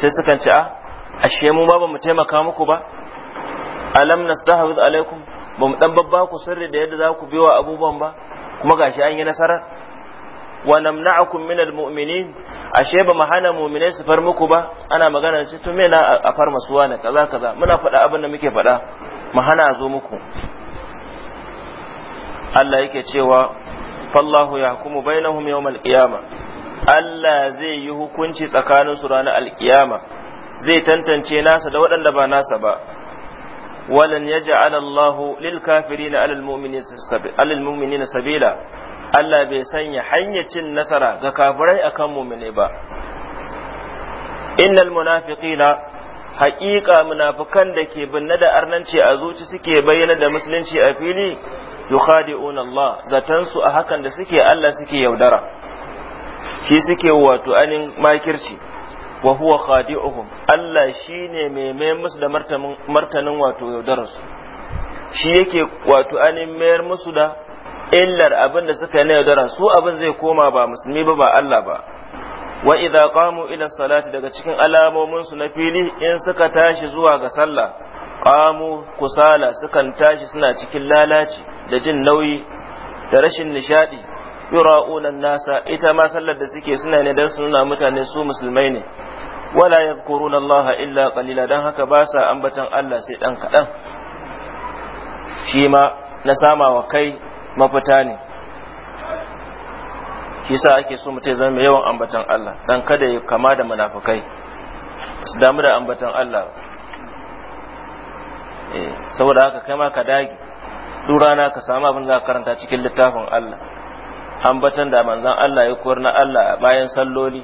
sai sukan ce a ah, ashe mu ma ba mu taimaka muku ba alam nastahwiz alaikum ba mu dan babba ku sirri da yadda za ku biwa abubuwan ba kuma gashi an yi nasara wa namna'akum min almu'minin ashe ba mu hana mu'minai su far muku ba ana magana ce to me na a far masuwa na kaza kaza muna faɗa abin da muke faɗa mu hana zo muku Allah yake cewa fallahu yahkumu bainahum yawmal qiyamah Allah zai yi hukunci tsakanin su ranar alkiyama zai tantance nasa da waɗanda ba nasa ba walan yaj'al Allahu lil kafirina alal mu'minina sabila Allah bai sanya hanyar cin nasara ga kafirai akan mu'mine ba innal munafiqina haƙiƙa munafukan da ke binne da arnanci a zuci suke bayyana da musulunci a fili yukhadi'un Allah zatansu a hakan da suke Allah suke yaudara shi suke wato anin makirci wa huwa khadi'uhum Allah shine mai mai musu da martanin wato yaudararsu shi yake wato anin mayar musu da illar abin da suka na yaudara su abin zai koma ba musulmi ba ba Allah ba wa idza qamu ila salati daga cikin alamomin su na fili in suka tashi zuwa ga sallah qamu kusala sukan tashi suna cikin lalaci da jin nauyi da rashin nishadi yura'una nasa ita ma sallar da suke suna ne dan su nuna mutane su musulmai ne wala yadhkuruna Allah illa qalila dan haka ba sa ambatan Allah sai dan kadan shi ma na sama wa kai mafita ne shi sa ake so mutai zama mai yawan ambatan Allah dan kada ya kama da munafikai su damu da ambatan Allah eh saboda haka kai ma ka dage durana ka samu abin za ka karanta cikin littafin Allah ambatan da manzon Allah ya koyar na Allah bayan salloli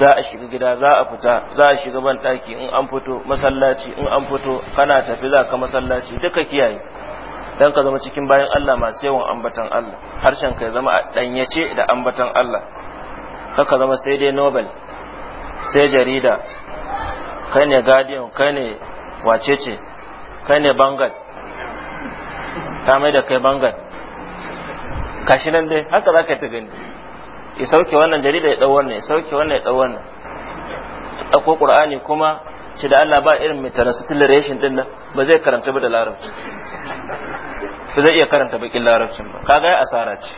za a shiga gida za a fita za a shiga ban daki in an fito masallaci in an fito kana tafi za ka masallaci duka kiyaye dan ka zama cikin bayan Allah masu yawan ambatan Allah harshen ka ya zama a danyace da ambatan Allah kaka zama sai dai nobel sai jarida kai ne guardian kai ne wacece kai ne bangal ta mai da kai bangal kashi nan dai haka za ka ta gani ya sauke wannan jarida ya ɗau wannan ya sauke wannan ya ɗau wannan ɗauko ƙur'ani kuma ce da Allah ba irin mai transliteration ɗin nan ba zai karanta ba da larabci ba zai iya karanta bakin larabcin ba kaga ya asara ce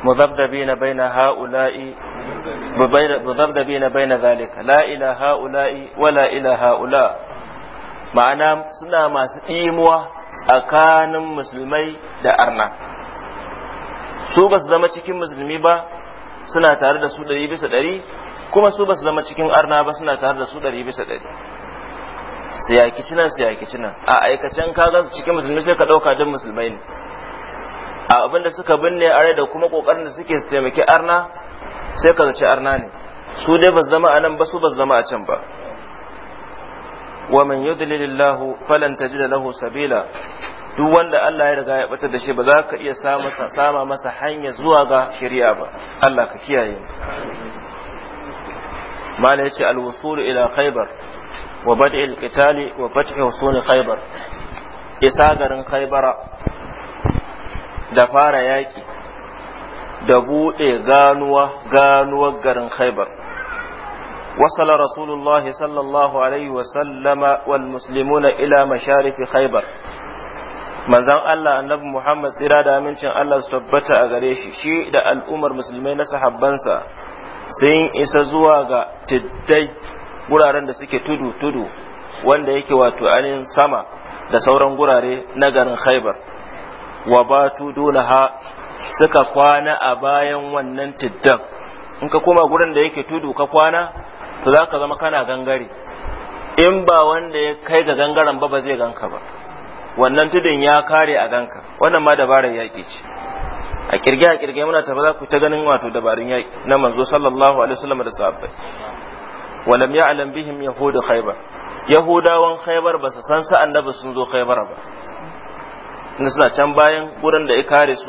مذبذبين بين هؤلاء مذبذبين بين ذلك لا إلى هؤلاء ولا إلى هؤلاء ma'ana suna masu ɗimuwa tsakanin musulmai da arna su ba su zama cikin musulmi ba suna tare da su ɗari bisa ɗari kuma su ba su zama cikin arna ba suna tare da su ɗari bisa ɗari siyakici nan siyakici nan a aikacen ka za su cikin musulmi sai ka ɗauka don musulmai ne a abin da suka binne a rai da kuma ƙoƙarin da suke su taimaki arna sai ka zaci arna ne su dai ba su zama a nan ba su ba su zama a can ba ومن يضلل الله فلن تجد lahu sabila duk wanda Allah ya riga ya batar da shi ba za ka iya sama masa hanya zuwa ga shari'a ba Allah ka kiyaye mala yace al-wusul ila khaybar wa bad'i al qital wa fathi wusul khaybar isa garin khaybara da fara yaki da bude ganuwa ganuwar garin khaybar وصل رسول الله صلى الله عليه وسلم والمسلمون إلى مشارف خيبر manzan Allah annabi Muhammad tsira da amincin Allah su tabbata a gare shi shi da al'ummar musulmai na sahabbansa sun isa zuwa ga tiddai guraren da suke tudu tudu wanda yake wato anin sama da sauran gurare na garin Khaibar wa batu dolaha suka kwana a bayan wannan tiddan in ka koma gurin da yake tudu ka kwana to za ka zama kana gangare in ba wanda ya kai ga gangaren ba ba zai ganka ba wannan tudun ya kare a ganka wannan ma dabarar yaƙi ce a kirge a kirge muna tafi za ku ta ganin wato dabarun yaƙi na manzo sallallahu alaihi wasallam da sahabbai walam ya'lam bihim yahud khaybar yahudawan khaybar ba su san sa annabi sun zo khaybar ba inda suna can bayan gurin da ya kare su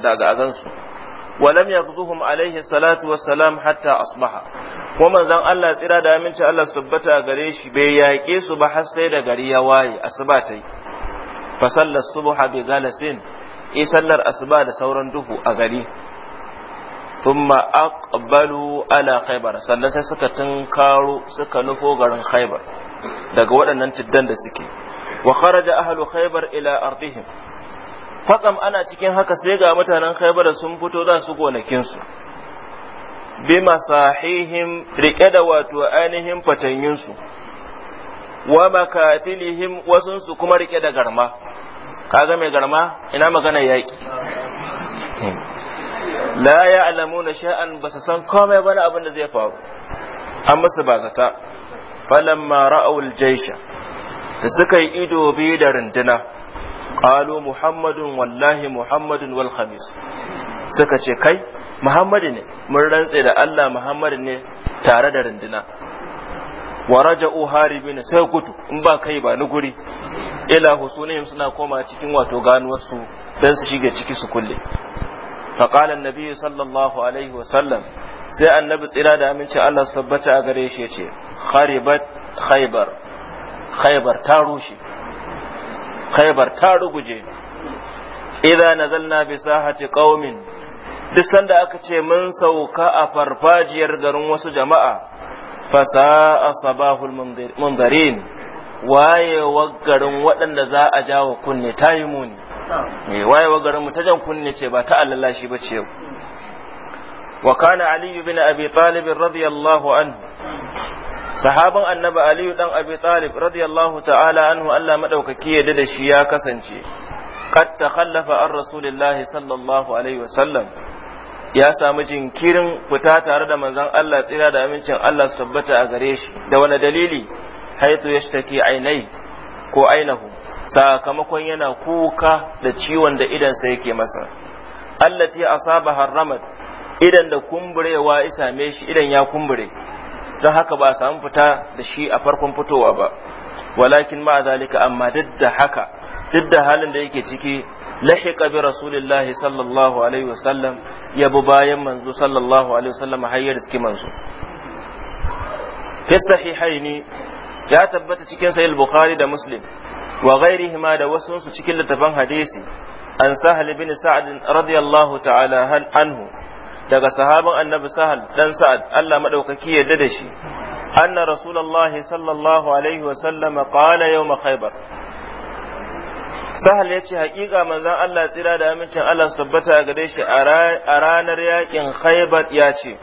daga su. ولم يغزوهم عليه الصلاة والسلام حتى أصبح kuma zan Allah tsira da aminci Allah su tabbata gare shi bai yaƙe su ba har sai da gari ya waye asuba ta yi fa sallar subha bi galasin e sallar asuba da sauran duhu a gari thumma aqbalu ala khaybar sannan sai suka tunkaro suka nufo garin khaybar daga waɗannan tiddan da suke wa kharaja ahlu khaybar ila ardihim fatsam ana cikin haka sai ga mutanen khaybar sun fito za su gonakinsu bi masahihim rike da wato ainihin fatanyinsu wa makatilihim wasunsu kuma rike da garma kaga mai garma ina magana yaƙi la ya'lamuna sha'an basu san komai ba na abin da zai faru an musu ba zata falamma ra'awul jaysha da suka yi ido biyu da runduna qalu muhammadun wallahi muhammadun wal khamis suka ce kai muhammadu ne mun rantse da Allah muhammadu ne tare da rinduna wa raja'u haribin sai gudu in ba kai ba ni guri ila husunayim suna koma cikin wato ganuwar su dan su shige ciki su kulle fa qala annabi sallallahu alaihi wa sallam sai annabi tsira da aminci Allah su tabbata a gare shi yace kharibat khaybar khaybar ta rushe khaybar ta ruguje idza nazalna bi sahati qaumin duk sanda aka ce mun sauka a farfajiyar garin wasu jama'a fasa a sabahul mundarin wayewar garin waɗanda za a jawo kunne ta yi muni eh, wayewar garin mu ta jan kunne ce ba ta allallashi ba ce Wakana Aliyu بن أبي طالب رضي الله عنه annabi aliyu dan abi talib radiyallahu ta'ala anhu Allah maɗaukaki yadda da shi ya kasance kad takhallafa an rasulillahi sallallahu alaihi wasallam ya sami jinkirin fita tare da manzon Allah tsira da amincin Allah su tabbata a gare shi da wani dalili haitu yashtaki ainai ko ainahu sakamakon yana kuka da ciwon da idansa yake masa Allah allati asaba harramat idan da kumburewa ya same shi idan ya kumbure ta haka ba a samu fita da shi a farkon fitowa ba walakin ma zalika amma duk da haka duk da halin da yake ciki lahiqa bi rasulillah sallallahu alaihi wasallam ya bi bayan manzo sallallahu alaihi wasallam har ya manzo fi sahihaini ya tabbata cikin sahih bukhari da muslim wa ghairihima da wasu su cikin littafan hadisi an sahal bin sa'd radiyallahu ta'ala anhu daga sahabin annabi sahal dan sa'ad Allah madaukaki yadda da shi anna rasulullahi sallallahu alaihi wa sallama qala yawm khaybar sahal yace hakika manzon Allah tsira da amincin Allah su tabbata gare shi a ranar yakin khaybar yace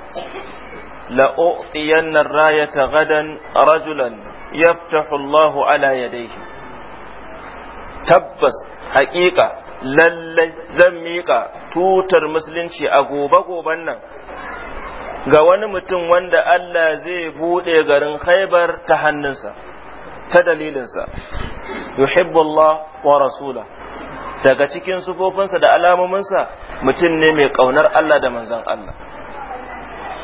la u'tiyanna rayata gadan rajulan yaftahu Allah ala yadayhi tabbas hakika lallai zan miƙa tutar musulunci a gobe-goben nan ga wani mutum wanda Allah zai buɗe garin haibar ta hannunsa ta dalilinsa yuhibbullah wa rasula daga cikin sufofinsa da alamominsa mutum ne mai ƙaunar Allah da manzan Allah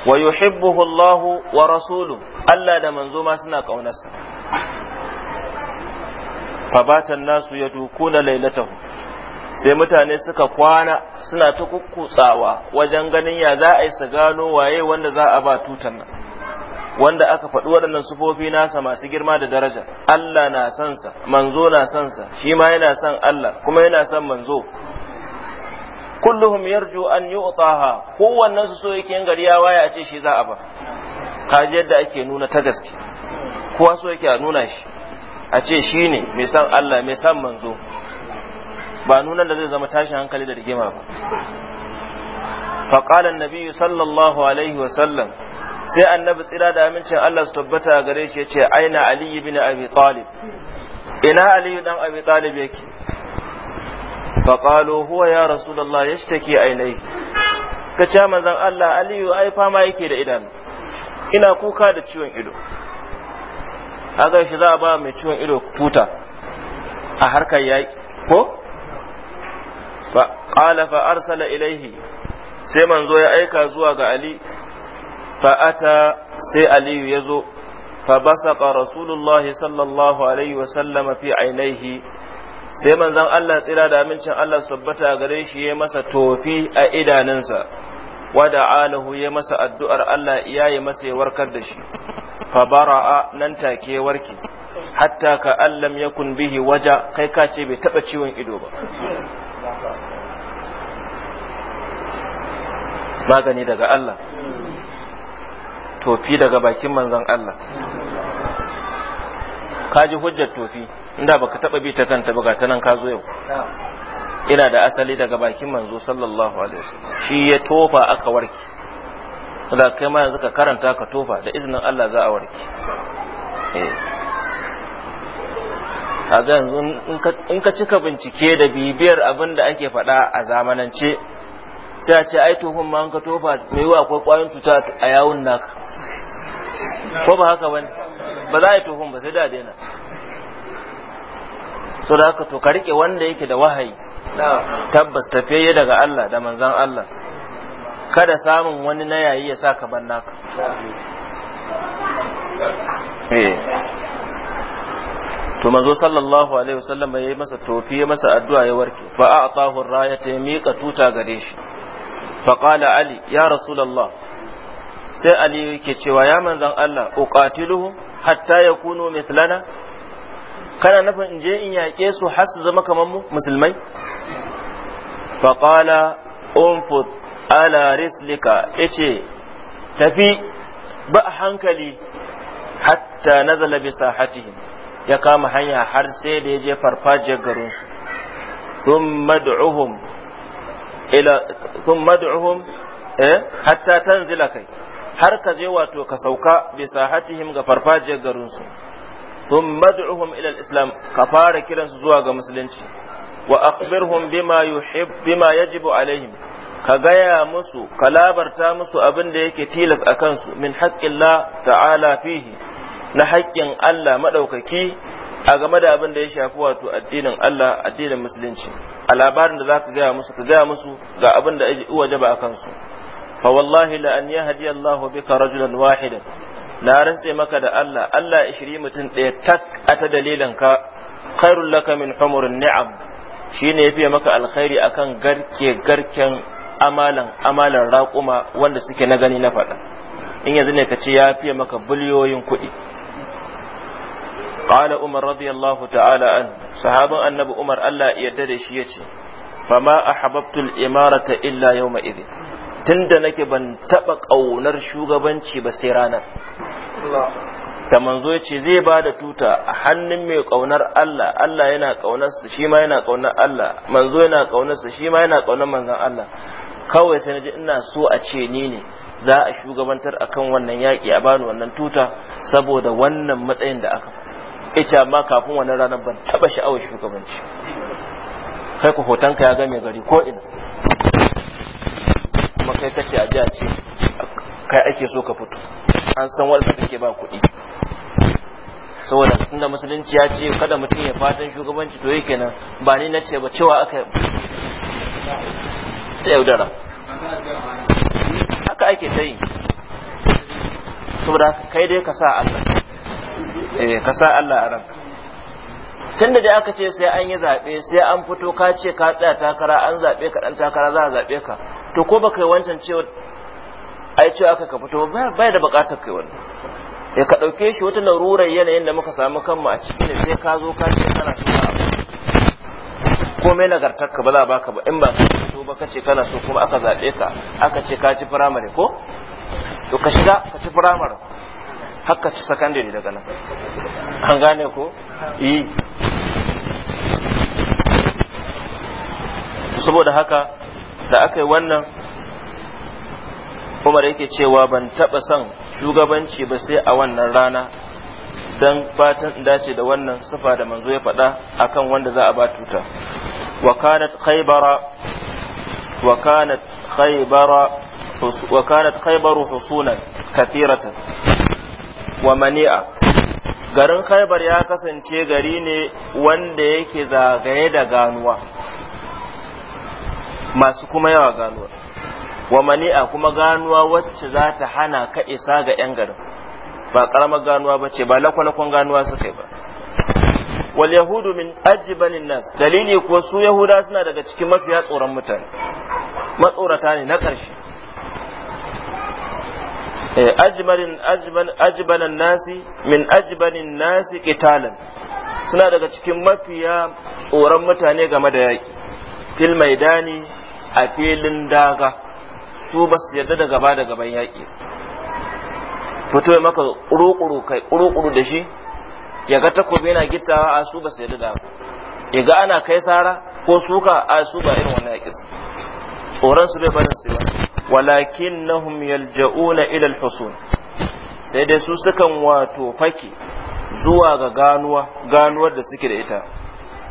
wa yuhibbu Allah wa rasulu Allah da manzo ma suna ƙaunarsa fabatan nasu ya dukuna lailatahu sai mutane suka kwana suna ta kukkutsawa wajen ganin ya za a yi su gano waye wanda za a ba tutan nan wanda aka faɗi waɗannan sufofi nasa masu girma da daraja Allah na son sa manzo na son sa shi ma yana son Allah kuma yana son manzo kulluhum yarju an yu'taha kowannen su so yake yin gari ya waya a ce shi za a ba kaji yadda ake nuna ta gaske kowa so yake a nuna shi a ce shi ne mai san Allah mai son manzo ba nuna da zai zama tashin hankali da rigima ba faƙala annabi sallallahu alaihi wasallam sai annabi tsira da amincin Allah su tabbata gare shi ya ce aina aliyu bin abi talib ina aliyu dan abi talib yake faƙalo huwa ya rasulallah ya shi ainihi suka ce manzan Allah aliyu ai fama yake da idanu ina kuka da ciwon ido a shi za a ba mai ciwon ido kuta a harkar yaƙi ko qala fa arsala ilaihi sai manzo ya aika zuwa ga ali fa ata sai aliyu ya zo fa basaqa rasulullahi sallallahu alaihi wa sallama fi sai manzon Allah tsira da amincin Allah tabbata gare shi ya masa tofi a idanunsa wada alahu ya masa addu'ar Allah ya ya masa ya warkar da shi fa bara'a nan take warke hatta ka allam yakun bihi waja kai ka ce bai taɓa ciwon ido ba magani daga Allah tofi daga bakin manzon Allah ka ji hujjar tofi inda baka taba bi ta kanta ba ta nan ka zo yau ina da asali daga bakin manzo sallallahu alaihi wasallam shi ya tofa aka warke da kai ma yanzu ka karanta ka tofa da izinin Allah za a warke eh kaga yanzu in ka cika bincike da bibiyar abin da ake faɗa a zamanance sai a ce ai tofin ma an ka tofa mai yiwa akwai kwayoyin cuta a yawun naka ko ba haka bane ba za a yi tofin ba sai da daina so da haka to ka rike wanda yake da wahayi tabbas tafiye daga Allah da manzan Allah kada samun wani na yayi ya sa ka ban naka eh. to manzo sallallahu alaihi wasallam ya yi masa tofi ya masa addu'a ya warke fa a'tahu rayata ya mika tuta gare shi fa qala ali ya rasulullah sai ali yake cewa ya manzon Allah uqatiluhu hatta yakunu mithlana kana nufin in je in yaƙe su har su zama kamar mu musulmai fa qala unfut ala rislika yace tafi ba hankali hatta nazala bi sahatihim ya kama hanya har sai da ya je farfajiyar garin su sun mad'uhum sun eh, hatta tanzila kai har ka je wato ka sauka bisa hatihim ga farfajiyar garin su sun mad'uhum ilal islam ka fara kiransu zuwa ga musulunci wa akhbirhum bima yuhib bima yajibu alaihim ka gaya musu ka labarta musu abin da yake tilas a kansu min haƙƙillah ta'ala fihi na haƙƙin Allah maɗaukaki a game da abin da ya shafi wato addinin Allah addinin musulunci a labarin da za ka gaya musu ka gaya musu ga abin da uwa jaba a kansu fa wallahi la an yahdi Allah bika rajulan wahidan na rantse maka da Allah Allah ya shiri mutum ɗaya tak a ta dalilin ka khairul laka min humurin ni'am shine fiye maka alkhairi akan garke garken amalan amalan raƙuma wanda suke na gani na faɗa in yanzu ne ka ce ya fiye maka biliyoyin kuɗi Ƙala umar radiyallahu ta'ala an sahaban annabi umar Allah ya yarda da shi yace fama ahabbtu al-imarata illa yawma idh tunda nake ban taba kaunar shugabanci ba sai ranar da manzo yace zai ba da tuta a hannun mai kaunar Allah Allah yana sa shi ma yana kaunar Allah manzo yana sa shi ma yana kaunar manzon Allah kawai sai naji ina so a ce ni ne za a shugabantar akan wannan yaƙi a bani wannan tuta saboda wannan matsayin da aka ita amma kafin wannan ranar ban taba sha'awar shugabanci kai ku hotonka ya game gari ko ina kuma kai kace a ji a ce kai ake so ka fito an san wadda kake ba kuɗi saboda inda musulunci ya ce kada mutum ya fatan shugabanci to yake nan ba ni na ce ba cewa aka ta yaudara haka ake ta yi saboda kai dai ka sa Allah eh ka sa Allah a ranka tun da aka ce sai an yi zaɓe sai an fito ka ce ka tsaya takara an zaɓe ka ɗan takara za a zaɓe ka to ko ba kai wancan cewa ai cewa aka ka fito bai da buƙatar kai wannan ya eh, ka ɗauke shi wata larurar yanayin da muka samu kanmu a cikin sai ka zo ka ce kana so ba komai ka ba za a baka ba in ba ka fito ba ka ce kana so kuma aka zaɓe ka aka ce ka ci firamare ko to ka shiga ka ci firamare haka ci sakandare daga nan an gane ko yi e. saboda haka da aka yi wannan umar yake cewa ban taɓa son shugabanci ba sai a wannan rana don fatan in dace da wannan sufa da manzo ya faɗa akan wanda za a ba tuta wa kanat khaybara wa kanat khaybara wa husunan kathiratan wa mani'a garin khaibar ya kasance gari ne wanda yake zagaye da ganuwa masu kuma yawa ganuwa wa mani'a kuma ganuwa wacce za ta hana ka isa ga 'yan garin ba karamar ganuwa ba ce ba lakwalakon ganuwa su kai ba wal yahudu min ajibanin nas dalili kuwa su yahuda suna daga cikin mafiya tsoron mutane matsorata ne na ƙarshe Eh, ajmalin ajmal ajbanan nasi min ajbanin nasi qitalan suna daga cikin mafiya tsoron mutane game da yaki fil maidani a filin daga su ba su yarda da gaba da gaban yaki fito maka kurukuru kai kurukuru da shi ya ga takobi yana gittawa a su ba su yarda da ya ga ana kai sara ko suka a su ba irin wannan yaƙis tsoron su bai barin su ba walakinnahum yalja'una ila alhusun sai dai su sukan wato fake zuwa ga ganuwa ganuwar da suke da ita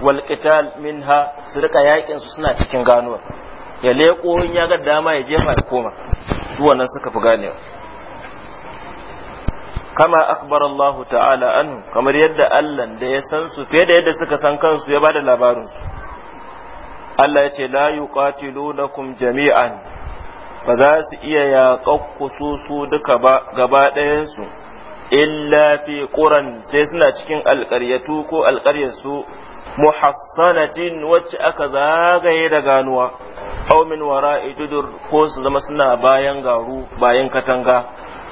wal qital minha su rika yakin su suna cikin ganuwar ya leko in ya ga dama ya jefa ya koma su wannan suka fi ganewa kama akhbara Allah ta'ala anhu kamar yadda Allah da ya san su fiye da yadda suka san kansu ya bada labarin su Allah ya ce la yuqatilunakum jami'an ba za su iya yaƙakku su su duka ba gaba ɗayansu illa fi ƙuran sai suna cikin alƙaryatu ko alƙaryarsu muhassanatin wacce aka zagaye da ganuwa aw min wara'i ko su zama suna bayan garu bayan katanga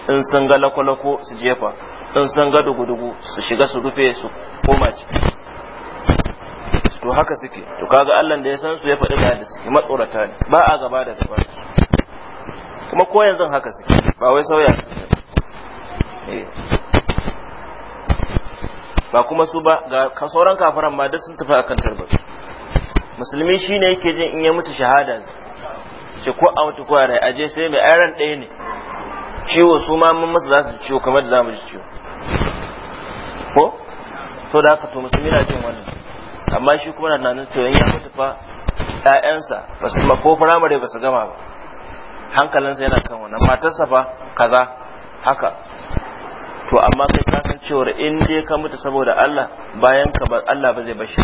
in sun ga lakwalako su jefa in sun ga dugudugu su shiga su rufe su koma ciki to haka suke to kaga Allah da ya san su ya faɗi ga da suke matsorata ne ba a gaba da gaba kuma ko yanzu haka su ba wai sauya su eh. ba kuma su ba ga sauran kafiran ma duk sun tafi akan tarbar musulmi shine yake jin in ya mutu shahada ce ko a mutu kwarai a je sai mai ayran ɗaya ne ciwo su ma mun masu za su ciwo kamar da za mu ji ciwo ko to da haka to musulmi na jin wannan amma shi kuma na nan to ya mutu fa ƴaƴansa ba su ma ko firamare ba su gama ba hankalinsa yana kan wannan matarsa fa kaza haka to amma kai ka san cewa in dai ka mutu saboda Allah bayan ka ba Allah ba zai bashi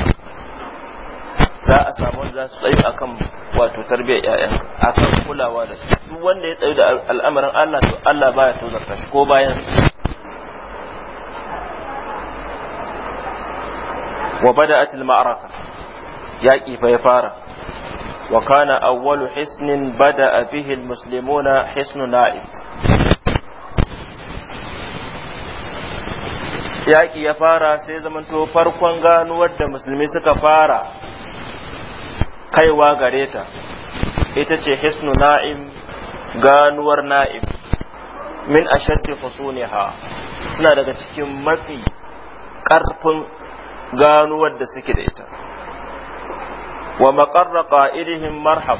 za a samu za su tsayu akan wato tarbiyyar ƴaƴan akan kulawa da su duk wanda ya tsayu da al'amarin Allah to Allah baya tozarta shi ko bayan wa bada'at al-ma'raka yaqi fa ya fara وكان أول حصن بدأ فيه المسلمون حصن نائف yaƙi ya fara sai zamanto farkon ganuwar da musulmi suka fara kaiwa gare ta ita ce hisnu na'im ganuwar na'im min ashaddi fusuniha suna daga cikin mafi ƙarfin ganuwar da suke da ita wa maqarra qa'idihim marhab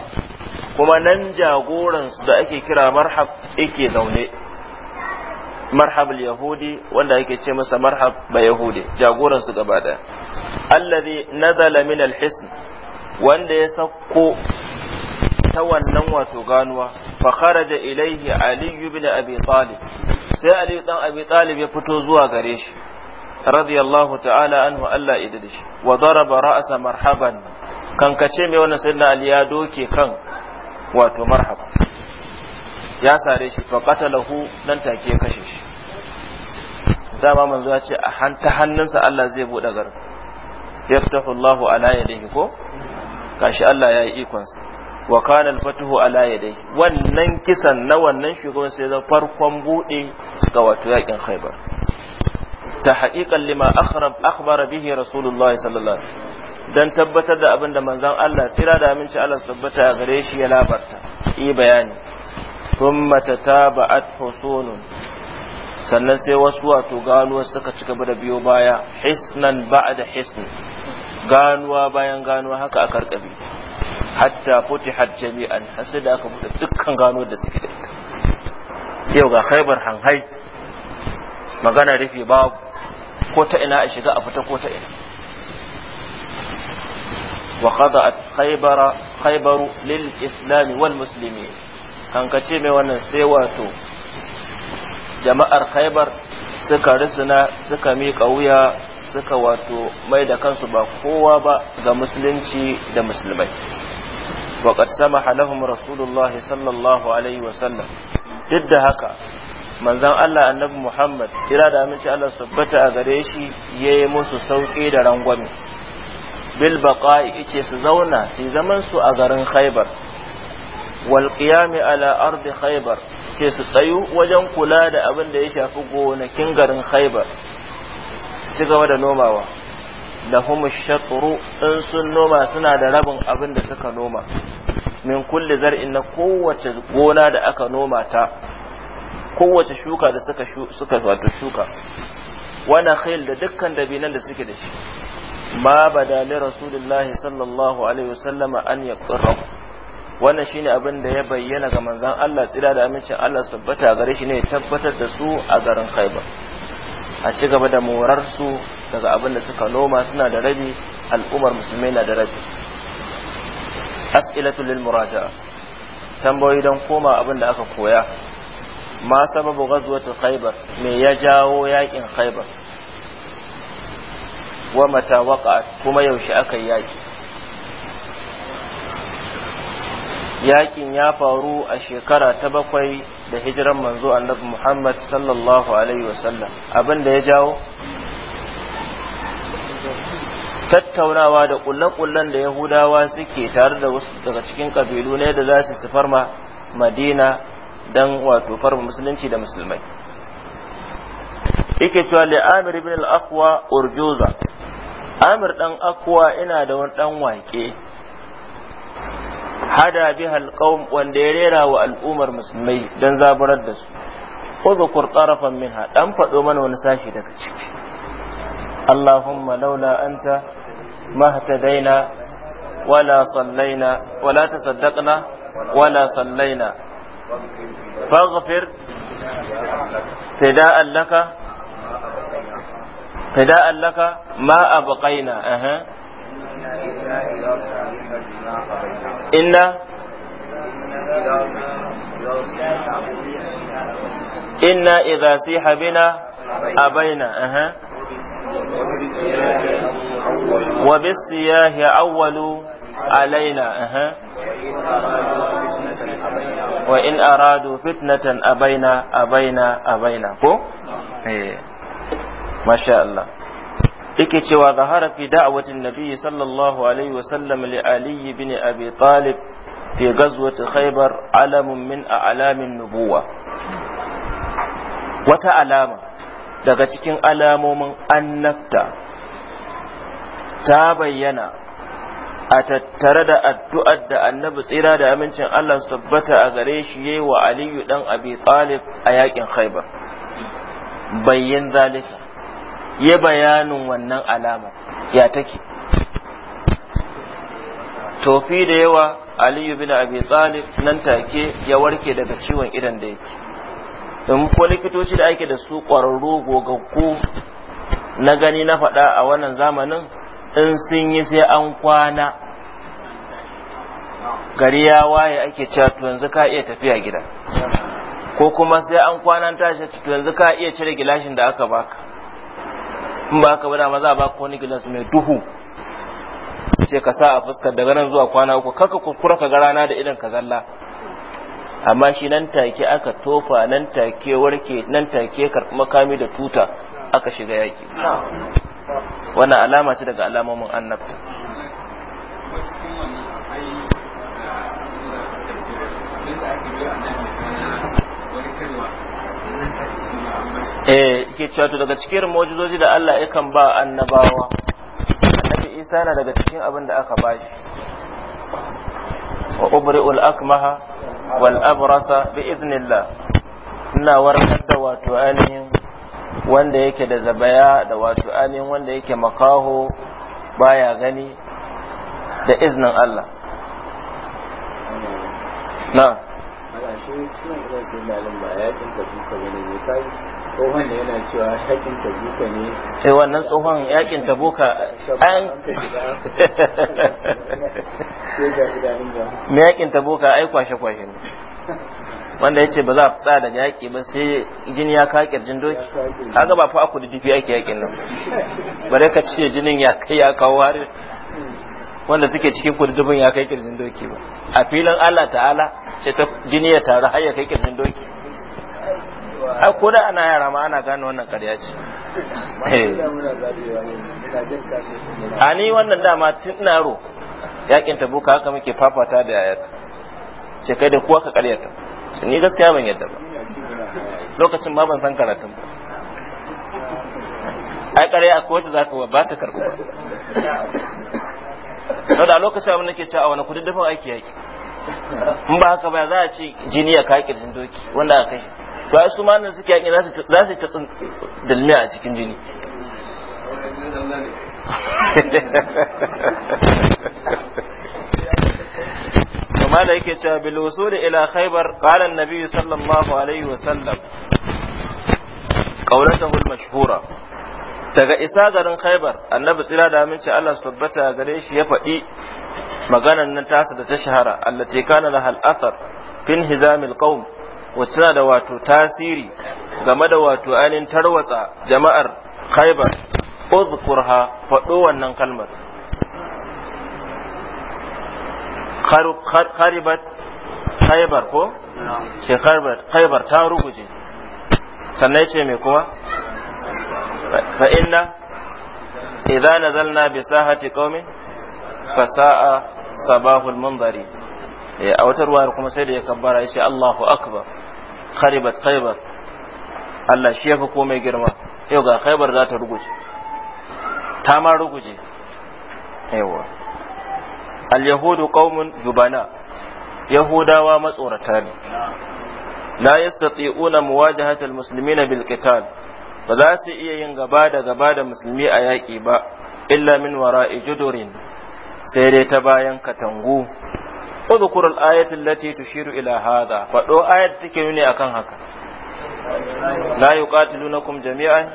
kuma nan jagoransu da ake kira marhab yake zaune marhab yahudi wanda ake ce masa marhab ba yahudi jagoransu su gaba daya allazi nazala min alhisn wanda ya sako ta wannan wato ganuwa fa kharaja ilaihi ali ibn abi talib sai ali dan abi talib ya fito zuwa gare shi radiyallahu ta'ala anhu Allah ya da shi wa daraba ra'sa marhaban kankace mai wannan sayyidina ali ya doke kan wato marhaba ya sare shi fa qatalahu nan take kashe shi dama manzo ya ce a hanta hannunsa Allah zai bude garin yaftahu Allahu ala yadihi ko kashi Allah ya yi ikon sa wa kana al-fatuhu ala yadihi wannan kisan na wannan shugaban sai zan farkon bude ga wato yakin Khaibar ta haƙiƙan lima akhbara bihi rasulullahi sallallahu alaihi wasallam don tabbatar da abinda da manzon Allah tsira da aminci Allah tabbata a gare shi ya labarta yi bayani ta tataba'at husunun sannan sai wasu wato ganuwa suka ci gaba da biyo baya hisnan da hisn ganuwa bayan ganuwa haka aka karkabe hatta futihat jami'an har da aka buɗe dukkan gano da suke da ita yau ga khaibar hanhai magana rufe babu ko ta ina a shiga a fita ko ta ina وخضعت خيبر خيبر للإسلام والمسلمين kan kace mai wannan sai wato jama'ar khaibar suka risina suka miƙa wuya suka wato mai da kansu ba kowa ba ga musulunci da musulmai waƙar sama halahun rasulullah sallallahu alaihi wasallam duk da haka manzan allah annabi muhammad kira da aminci allah sabbata a gare shi ya yi musu sauƙi da rangwame bil baqa'i ice su zauna su zaman su a garin khaybar wal qiyami ala ardi khaybar ce su tsayu wajen kula da abin da ya shafi gonakin garin khaybar ci gaba da nomawa da humu shatru in sun noma suna da rabin abin da suka noma min kulli zar'in na kowace gona da aka noma ta kowace shuka da suka suka wato shuka wa nakhil da dukkan dabinan da suke da shi ma bada الله صلى الله عليه وسلم an yaqra wannan shine abin da ya bayyana ga manzon Allah tsira da amincin Allah tabbata gare shi ne tabbatar da su a garin Khaibar a ci gaba da morar su daga abin da suka noma suna da rabi al'ummar musulmai na da rabi as'ilatu lil muraja'a tambayoyi don koma abin da aka koya ma sababu ghazwatul khaibar me ya jawo yakin khaibar wa mata waka kuma yaushe aka yi yaki yakin ya faru a shekara ta bakwai da hijiran manzo annabi Muhammad sallallahu alaihi wasallam abin da ya jawo tattaunawa da kullen-kullen da yahudawa suke tare da wasu daga cikin kabilu ne da za su farma madina don wato farma musulunci da musulmai yake cewa li amir ibn al-aqwa urjuza amir dan akwa ina da wani dan wake hada biha alqaum wanda ya rera wa al'ummar musulmai dan zaburar da su ko ga qurtarafan minha dan fado mana wani sashi daga ciki allahumma laula anta mahtadaina wala sallaina wala tasaddaqna wala sallaina faghfir fida'an laka fida'an alaka ma abqaina aha inna inna idza siha bina abaina aha wa bisiyahi awwalu alaina aha wa in aradu fitnatan abaina abaina abaina ko masha Allah yake cewa zahara fi da'watin nabiyyi sallallahu alaihi wa sallam li ali ibn abi talib fi ghazwati khaybar alamun min a'lamin nubuwa wata alama daga cikin alamomin annabta ta bayyana a tattare da addu'ar da annabi tsira da amincin Allah su tabbata a gare shi yayi wa Aliyu dan Abi Talib a yakin Khaibar bayyin zalika ya bayanin wannan alama ya take tofi da yawa aliyu bin abi tsali nan take ya warke daga ciwon idan da yake don ko likitoci da ake da su ƙwararru gogaggu na gani na faɗa a wannan zamanin in sun yi sai an kwana gari ya waye ake cewa yanzu ka iya tafiya gida ko kuma sai an kwana tashi yanzu ka iya cire gilashin da aka baka in ba haka ba dama za a baka wani gilas mai duhu ce ka sa a fuskar daga nan zuwa kwana uku karka kuskura ka ga rana da idan ka zalla amma shi nan take aka tofa nan take warke nan take karɓi makami da tuta aka shiga yaki wannan alama ce daga alamomin annabta cikin wannan eh, eh ke cewa to daga cikin mu'jizozi da Allah yakan ba annabawa annabi Isa na daga cikin abin da aka ba shi wa ubri'ul akmaha wal abrasa bi idnillah ina warkar da wato ainihin wanda yake da zabaya da wato ainihin wanda yake makaho baya gani da iznin Allah na shi irin sai malin ba kin tabuka ba ne kai tsohon ne yana cewa ta tabuka ne sai eh, wannan tsohon yakin tabuka an me ta tabuka ai kwashe kwashe ne wanda ya ce ba za a fita da yaƙi ba sai jini ya ka kirjin doki kaga ba fa aku da dubi yake yaƙin nan bare ka ce jinin ya kai ya kawo harin wanda suke cikin kududufin ya kai kirjin doki ba a filin Allah ta'ala ce ta jini ya taru har ya kai kirjin doki a koda ana yara ma ana gane wannan karya ce eh. a ni wannan dama tun ina ro yakin buka haka muke fafata da yayata ce kai da kuwa ka karyata ni gaskiya ban yadda ba lokacin ma ban san karatun ba ai karya akwai wacce za ka ba ta karɓa ba saboda a lokacin abin da ke cewa a wani dafa aiki yaki in ba haka ba za a ce jini ya kai jin doki wanda aka yi to ai su ma nan suke yaki za su ta dalmi a cikin jini kuma da yake cewa bil da ila khaybar qala an-nabi sallallahu alaihi wa sallam qawlatuhu al-mashhura daga isa garin khaibar annabi tsira da aminci Allah su tabbata gare shi ya faɗi maganar nan tasa da ta shahara allati kana lahal athar fin hizamil qaum wacce da wato tasiri game da wato ainihin tarwatsa jama'ar khaibar uzkurha faɗo wannan kalmar kharibat khaibar ko ce khaibar ta ruguje sannan ce me kuma fa inna idza nazalna bi sahati qaumin fa sa'a sabahul munzari a wata ruwayar kuma sai da ya kabbara ya ce Allahu akbar kharibat khaybar Allah shi yafi komai girma yau ga khaybar za ta ruguje ta ma ruguje yawa al yahudu yahudawa matsorata ne la yastati'una muwajahata al ba za su iya yin gaba da gaba da musulmi a yaƙi ba illa min wara'i sai dai ta bayan katangu udhkur al-ayat allati tushiru ila hadha fado ayat take nuni akan haka la yuqatilunakum jami'an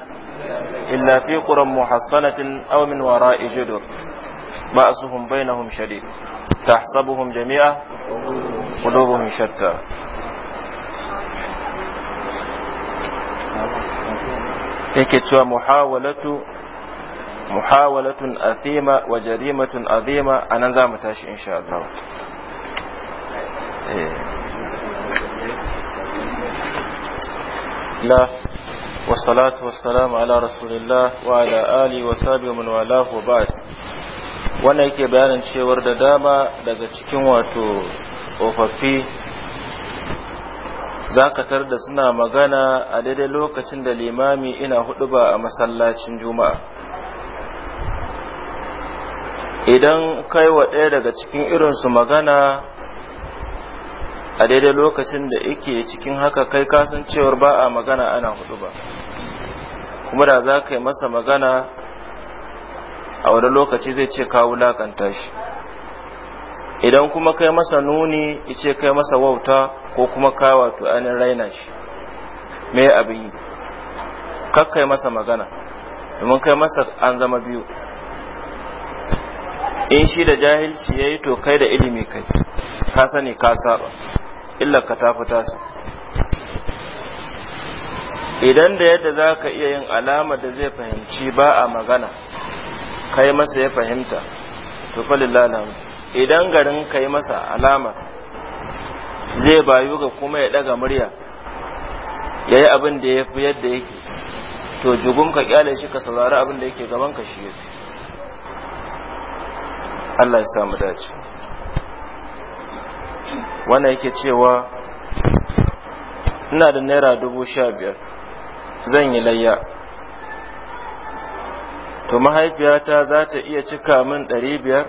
illa fi quran muhassanatin aw min wara'i judur ba'suhum bainahum shadid tahsabuhum jami'a qulubuhum shatta yake cewa muhawalatu muhawalatun athima wa jarimatun azima anan za mu tashi insha Allah eh. la والصلاة والسلام على رسول Ali wa آله وصحبه ومن والاه wannan yake bayanin cewar da dama daga cikin wato tsofaffi za ka tar da suna magana a daidai lokacin da limami ina hudu ba a masallacin juma'a idan kai wa ɗaya daga cikin irinsu magana a daidai lokacin da ike cikin haka kai kasancewar ba a magana ana hudu ba kuma da za ka yi masa magana a wani lokaci zai ce ka wulakanta shi idan kuma kai masa nuni ice kai masa wauta ko kuma ka wato ainihin raina shi me abin yi kakkai masa magana domin kai masa an zama biyu in shi da jahilci ya yi to kai da ilimi kai ka sani ka saba illar ka tafi tasa idan da yadda za ka iya yin alama da zai fahimci ba a magana kai masa ya fahimta to fa lillahi idan garin ka yi masa alama zai bayu ga kuma ya ɗaga murya ya yi abin da ya fi yadda yake to jugun ka kyale shi ka saurari abin da yake gaban ka shi Allah ya samu dace wannan yake cewa ina da naira dubu sha biyar zan yi layya to mahaifiyata za ta iya cika min ɗari biyar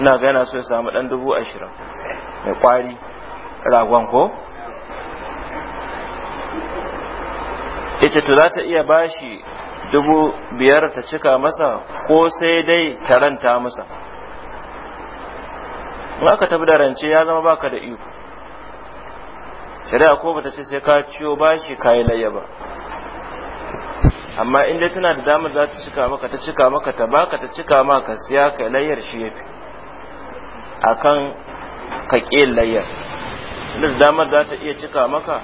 ina gana so ya samu ɗan dubu ashirin mai kwari ragon ko ita to za ta iya bashi dubu biyar ta cika masa ko sai dai ta masa ba ka tafi da rance ya zama baka da iko shari'a ko ta ce sai ka ciyo bashi kayi layya ba amma in dai tana da damar za ta cika maka ta cika maka ta baka ta cika maka siya kai layyar shi yafi akan ka ƙi layya da damar za ta iya cika maka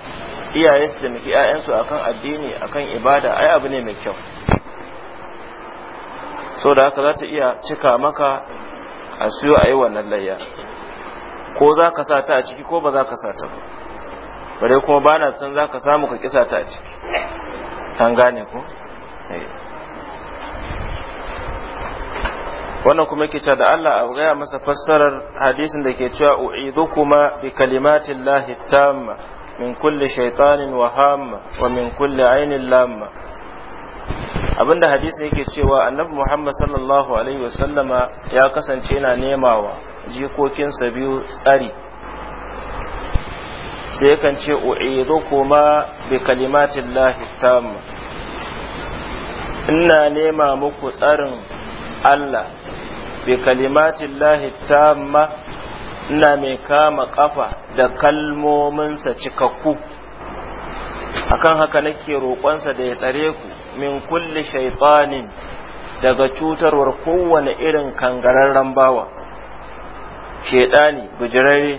iyaye su taimaki 'ya'yansu akan addini akan ibada ai abu ne mai kyau so da haka za ta iya cika maka a siyo a yi wannan layya ko za ka sa ta a ciki ko ba za ka sa ta ba dai kuma ba na san za ka samu ka kisa ta a ciki an gane ku wannan kuma yake cewa da Allah a gaya masa fassarar hadisin da ke cewa kuma bi kalimatin lahi tamma min kulli shaitanin wa hamma wa min kulli ainin lamma abinda hadisin yake cewa annabi Muhammad sallallahu alaihi wasallama ya kasance yana nemawa jikokinsa biyu tsari sai yakan ce kuma bi kalimatin lahi tamma ina nema muku tsarin Allah bi kalimatillahi tamma ina mai kama kafa da kalmominsa cikakku akan haka nake roƙonsa da ya tsare ku min kulli shaitanin daga cutarwar kowane irin kangararren bawa shedani bijirare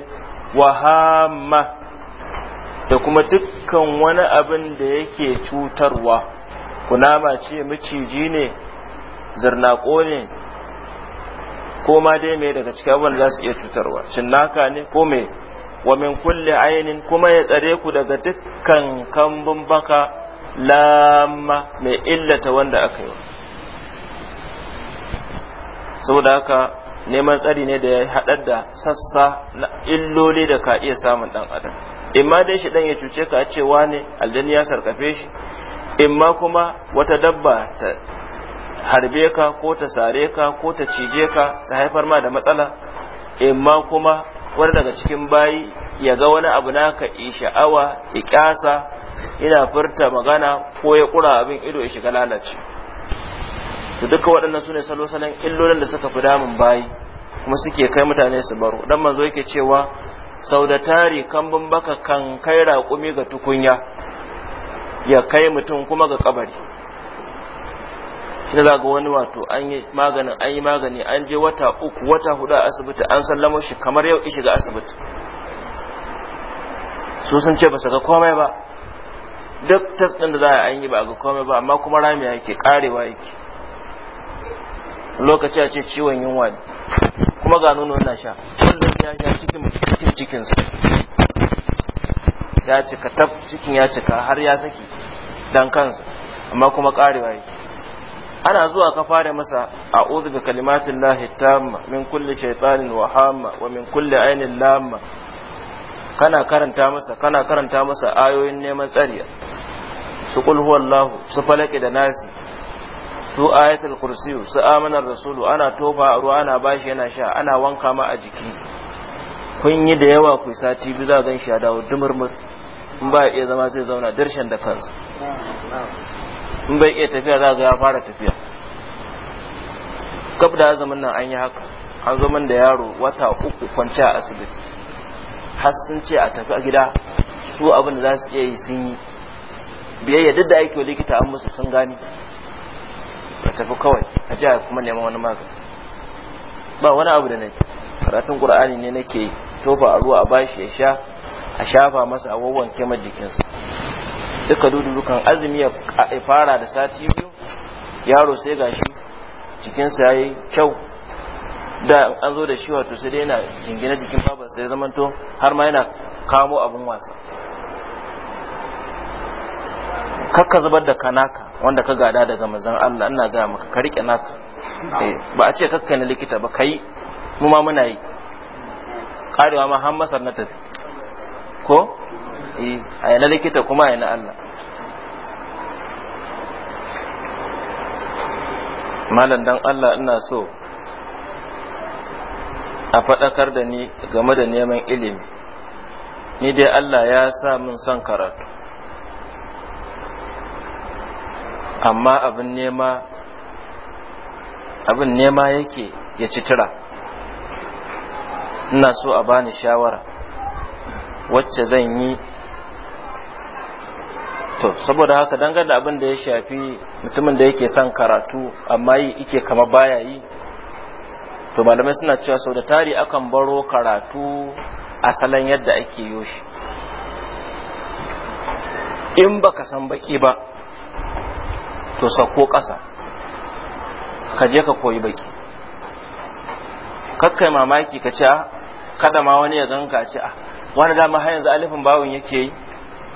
wahama da kuma dukkan wani abin da yake cutarwa kunama ce miciji ne zarnako ne ko ma dai mai daga cikin abubuwan za su iya cutarwa shin naka ne ko mai wa min kulli ainin kuma ya tsare ku daga dukkan kambun baka lamma mai illata wanda aka yi saboda haka neman tsari ne da ya haɗar da sassa na illoli da ka iya samun ɗan adam ma dai shi ɗan ya cuce ka cewa ne aljan ya sarkafe shi ma kuma wata dabba ta harbe ka ko ta sare ka ko ta cije ka ta haifar ma da matsala imma kuma wani daga cikin bayi ya ga wani abu naka yi sha'awa ya kyasa ina furta magana ko ya kura abin ido ya shiga lalace to duka waɗannan su ne salo salon illolin da suka fi damun bayi kuma suke kai mutane su baro dan manzo yake cewa sau da tari kambun baka kan kai raƙumi ga tukunya ya kai mutum kuma ga kabari sai za ga wani wato an yi maganin an yi magani an je wata uku wata hudu a asibiti an sallamo shi kamar yau ishi ga asibiti su sun ce ba su ga komai ba duk tas din da za a an yi ba ga komai ba amma kuma rami yake karewa yake lokaci a ce ciwon yunwa ne kuma ga nono yana sha kullum ya sha cikin cikin cikinsa ya cika tab cikin ya cika har ya saki dan kansa amma kuma karewa yake ana zuwa ka fara masa uzu da kalimatin lahi tamma min kulli shaitanin wa hamma wa min kulli ainihin lamma kana karanta masa kana karanta masa ayoyin neman tsariya su qul huwallahu su falaki da nasi su ayatul kursiyu su amanar rasulu ana tofa a ruwa ana bashi yana sha ana wanka ma a jiki kun yi da yawa ku sati biyu za gan shi a dawo dumurmur in ba iya zama zai zauna darshen da kansa in bai iya tafiya za ga ya fara tafiya kab da zaman nan an yi haka an zaman da yaro wata uku kwanciya a asibiti har sun ce a tafi a gida su abin da za su iya yi sun yi biyayya duk da aiki likita an musu sun gani a tafi kawai a jiya kuma neman wani magani ba wani abu da nake karatun qur'ani ne nake tofa a ruwa a bashi ya sha a shafa masa a wawan wawanke jikinsa duka dudurukan azumi ya fara da sati biyu yaro sai gashi jikinsa ya yi kyau da an zo da shi wato sai dai yana jingina jikin babar sai to har ma yana kamo abin wasa kakka zubar da kanaka wanda ka gada daga manzon Allah ina ga maka ka rike naka eh, ba a ce kakka na likita ba kai mu ma muna yi karewa ma har masar na tafi ko Eh, a na likita kuma a na Allah malam dan Allah ina so a faɗakar da ni game da neman ilimi ni dai Allah ya sa min son karatu amma abin nema abin nema yake ya ci tira ina so a bani shawara wacce zan yi to saboda haka dangane da abin da ya shafi mutumin da yake son karatu amma yi ike kama baya yi to malamai suna cewa sau da tari akan baro karatu salon yadda ake yi in baka san baki ba to sako ƙasa ka je ka koyi baki kakkai mamaki ka ce ah, kada ma wani ya ganka ce a ah, wani dama har yanzu alifin bawon yake yi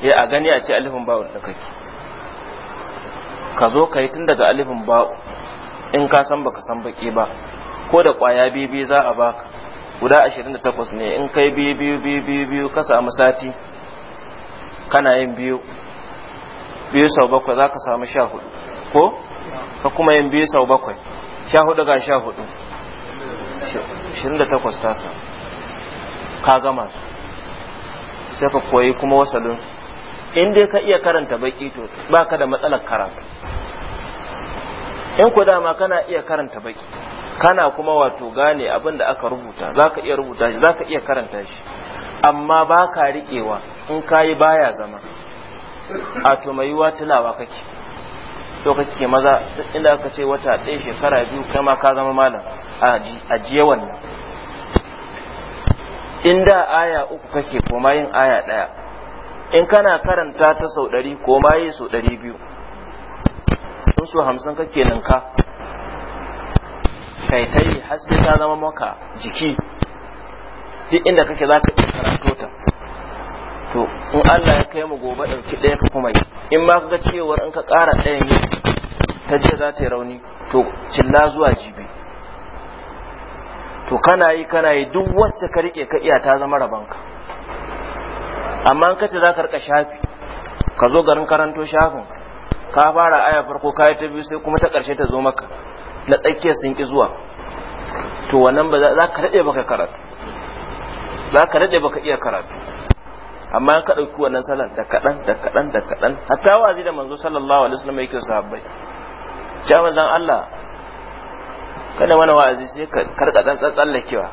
ya a gani a ce alifin ba'u da kake ka zo ka yi tun daga alifin ba'u in ka san baka san baki ba ko da kwaya biyu biyu za a baka guda ashirin da takwas ne in kai biyu biyu biyu biyu biyu ka samu sati kana yin biyu biyu sau bakwai za ka samu sha hudu ko ka kuma yin biyu sau bakwai sha hudu ga sha hudu ashirin da takwas ta sa ka gama su sai ka koyi kuma wasalinsu in dai ka iya karanta baki to baka da matsalar karatu in ku dama kana iya karanta baki kana kuma wato gane abin da aka rubuta zaka iya rubuta shi zaka iya karanta shi amma baka riƙewa in kayi baya zama a to mai yiwa tunawa kake to kake maza inda aka ce wata ɗaya shekara biyu kai ma ka zama malam a jiya wannan in da aya uku kake koma yin aya ɗaya in kana karanta ta sau ɗari ko ma yi sau ɗari biyu sun so hamsin kake ninka kai ta yi haske ta zama maka jiki duk inda kake za ka iya karanto ta to in Allah ya kai mu gobe ɗauki ɗaya ka kuma yi in ma ka ga cewar in ka ƙara ɗayan yi ta je za ta yi rauni to cilla zuwa jibi to kana yi kana yi duk wacce ka riƙe ka iya ta zama rabanka amma in kace za ka rika shafi ka zo garin karanto shafin ka fara aya farko ka yi ta biyu sai kuma ta karshe ta zo maka na tsakiyar sun ki zuwa to wannan ba za ka daɗe baka karatu za ka daɗe baka iya karatu amma ka dauki wannan salon da kaɗan da kaɗan da kaɗan hatta wa'azi da manzo sallallahu alaihi wasallam yake sahabbai ja zan Allah kada mana wa'azi sai ka karka dan tsatsallakewa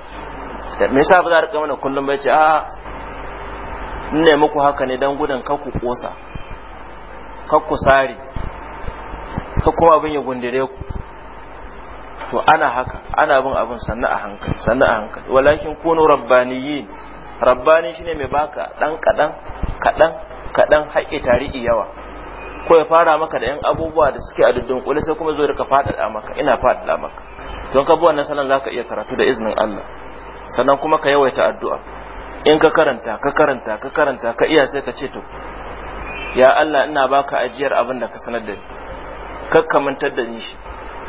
me yasa ba za ka mana kullum bai ce a ne muku haka ne don gudun kakku kosa kakku sari kakku abin ya gundire ku to ana haka ana bin abin sannu a hankali sannu a hankali walakin kunu rabbaniyin rabbani shine mai baka dan kadan kadan kadan haƙƙi tarihi yawa ko ya fara maka da yan abubuwa da suke a duddun sai kuma zo da ka faɗaɗa maka ina faɗaɗa maka don ka bi wannan sanan zaka iya karatu da iznin Allah sannan kuma ka yawaita addu'a in ka karanta ka karanta ka karanta ka iya sai ka ce to ya Allah ina baka ajiyar abin da ka sanar da ni kakkamantar da ni shi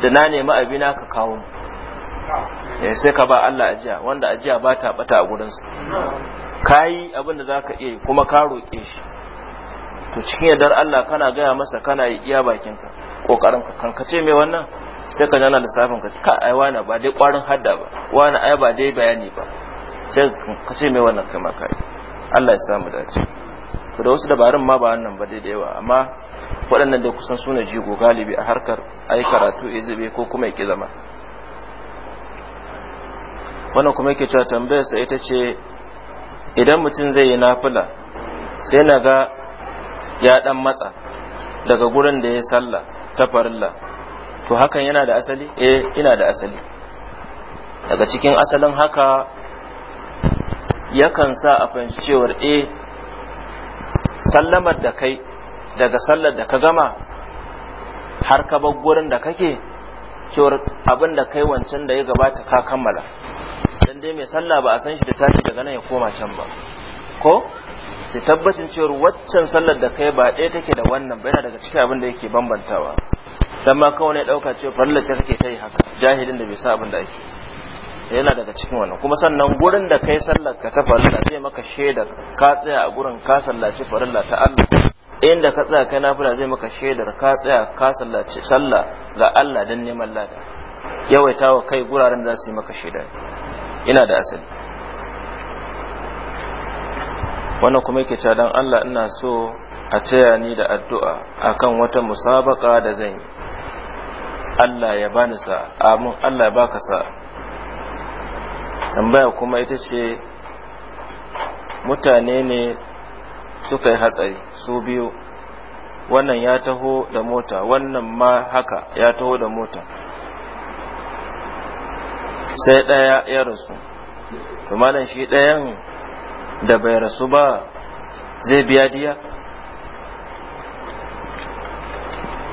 da na nemi abina ka kawo ya eh, sai ka ba Allah ajiya wanda ajiya ba ta bata a gurinsa ka yi abin da za ka iya kuma ka roƙe shi to cikin yardar Allah kana gaya masa kana yi iya bakinka ƙoƙarin ka kan ka ce mai wannan sai ka jana lissafin ka ka ai wani ba dai ƙwarin hadda ba wani ai ba dai bayani ba sai ka ce mai wannan kai maka yi Allah ya samu dace to da wasu dabarun ma ba wannan ba dai da yawa amma waɗannan da kusan suna jigo galibi a harkar ai karatu zube ko kuma yake zama wannan kuma yake cewa tambayar sa ita ce idan mutum zai yi nafila sai na ga ya dan matsa daga gurin da ya sallah ta farilla to hakan yana da asali eh ina da asali daga cikin asalin haka yakan sa a fahimci cewar e sallamar da kai daga sallar da ka gama har ka bar gurin da kake cewar abin da kai wancan da ya gabata ka kammala dan dai mai sallah ba a san shi da tashi daga nan ya koma can ba ko sai tabbacin cewar waccan sallar da kai ba ɗaya take da wannan ba yana daga cikin abin da yake bambantawa dan ma kawai ne dauka cewa kake ta yi haka jahilin da bai sa abin da ake yana daga cikin wannan kuma sannan gurin da kai sallar ka ta farilla zai maka shaidar ka tsaya a gurin ka sallaci farilla ta Allah inda ka tsaya kai nafila zai maka shaidar ka tsaya ka sallaci sallah ga Allah dan neman lada yawaita wa kai guraren da su yi maka shaidar ina da asali wannan kuma yake cewa dan Allah ina so a taya ni da addu'a akan wata musabaka da zan yi Allah ya bani sa'a amin Allah ya baka sa'a tambaya kuma ita ce mutane ne suka yi hatsari su biyu wannan ya taho da mota wannan ma haka ya taho da mota sai ɗaya ya rasu malam shi ɗayan da bai rasu ba zai biya diya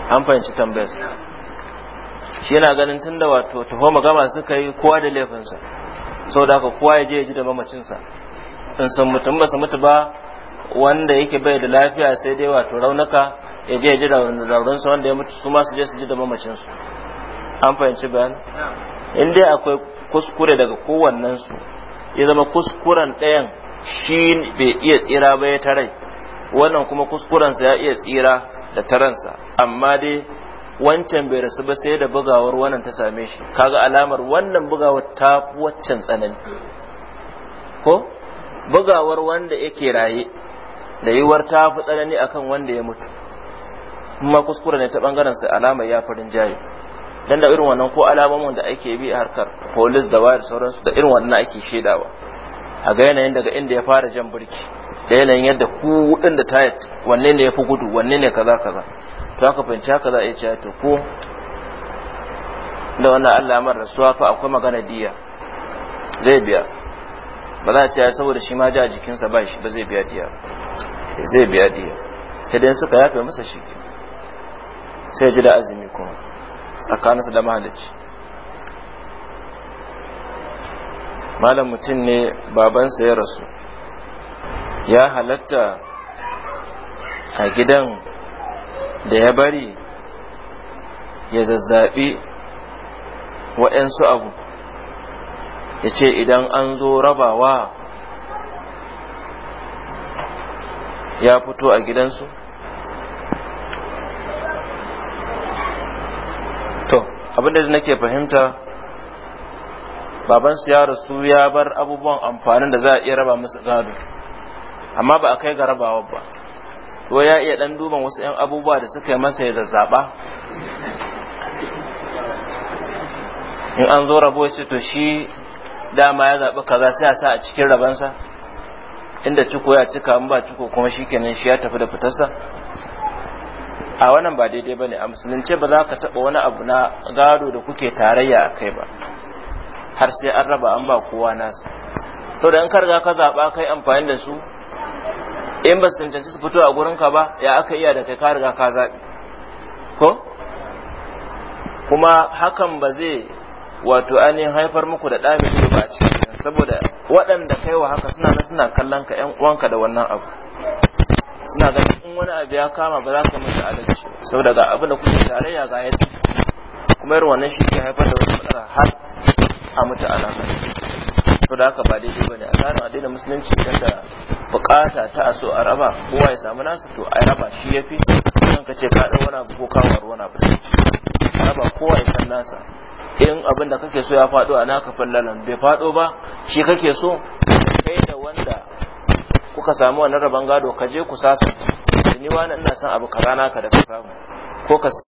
an fahimci tambayarsa shi yana ganin tun da wato tuhoma gama suka yi kowa da laifinsa saboda haka kowa ya je ya ji da mamacinsa in san mutum ba su mutu ba wanda yake bai da lafiya sai dai wato raunuka ya je ya ji da wanda ya mutu su ma su je su ji da mamacinsu an fahimci bayan in dai akwai kuskure daga su ya zama kuskuren ɗayan shi bai iya tsira ba ya tarai wannan kuma kuskuren sa ya iya tsira da taransa amma dai wancan bai rasu ba sai da bugawar wannan ta same shi kaga alamar wannan bugawar ta waccan tsanani ko bugawar wanda yake raye da yiwuwar ta fi tsanani akan wanda ya mutu kuma kuskure ne ta bangaren sai alamar ya farin jayo dan da irin wannan ko alamomin da ake bi a harkar police da wayar sauransu da irin wannan ake shedawa a ga yanayin daga inda ya fara jan burki da yanayin yadda ku da tayat wanne ne ya fi gudu wanne ne kaza kaza to aka fahimci haka za a iya cewa to ko da wannan Allah mar rasuwa fa akwai magana diya zai biya ba za a ce saboda shi ma ji a jikinsa ba shi ba zai biya diya zai biya diya sai dai suka yafe masa shi sai ji da azumi kuma tsakaninsa da mahalicci malam mutum ne babansa ya rasu ya halatta a gidan da ya bari ya zazzaɓi waɗansu abu ya ce idan an zo rabawa ya fito a gidansu to abinda da nake fahimta babansu ya rasu ya bar abubuwan amfanin da za a iya raba musu gado amma ba a kai ga rabawa ba to ya iya dan duban wasu yan abubuwa da suka yi masa ya zazzaba in an zo rabo ce to shi dama ya zaɓi kaza sai a sa a cikin rabansa inda ciko ya cika an ba ciko kuma kenan shi ya tafi da fitarsa a wannan ba daidai bane a musulunce ba za ka taɓa wani abu na gado da kuke tarayya a kai ba har sai an raba an ba kowa nasa to da in ka riga ka zaɓa kai amfani da su in ba su cancanci su fito a gurinka ba ya aka iya da kai ka riga ka zaɓi ko kuma hakan ba zai wato ainihin haifar muku da ɗami ido ba a cikin saboda waɗanda kai wa haka suna nan suna kallon ka ƴan uwanka da wannan abu suna ga in wani abu ya kama ba za ka musu adalci saboda ga abin da kuke tarayya ga yadda kuma irin wannan shi ke haifar da wata matsala har a mutu alama. da haka ba daidai bane a tsarin adina musulunci idan da bukata ta aso a raba kowa ya samu nasu to a raba shi ya fi kan ka ce ka wana wani abu ko ka wani a raba kowa ya san nasa in abin da kake so ya fado a naka fallalan bai faɗo ba shi kake so kai da wanda kuka samu wani raban gado ka je ku sasa ni ina son abu kaza da ka samu ko ka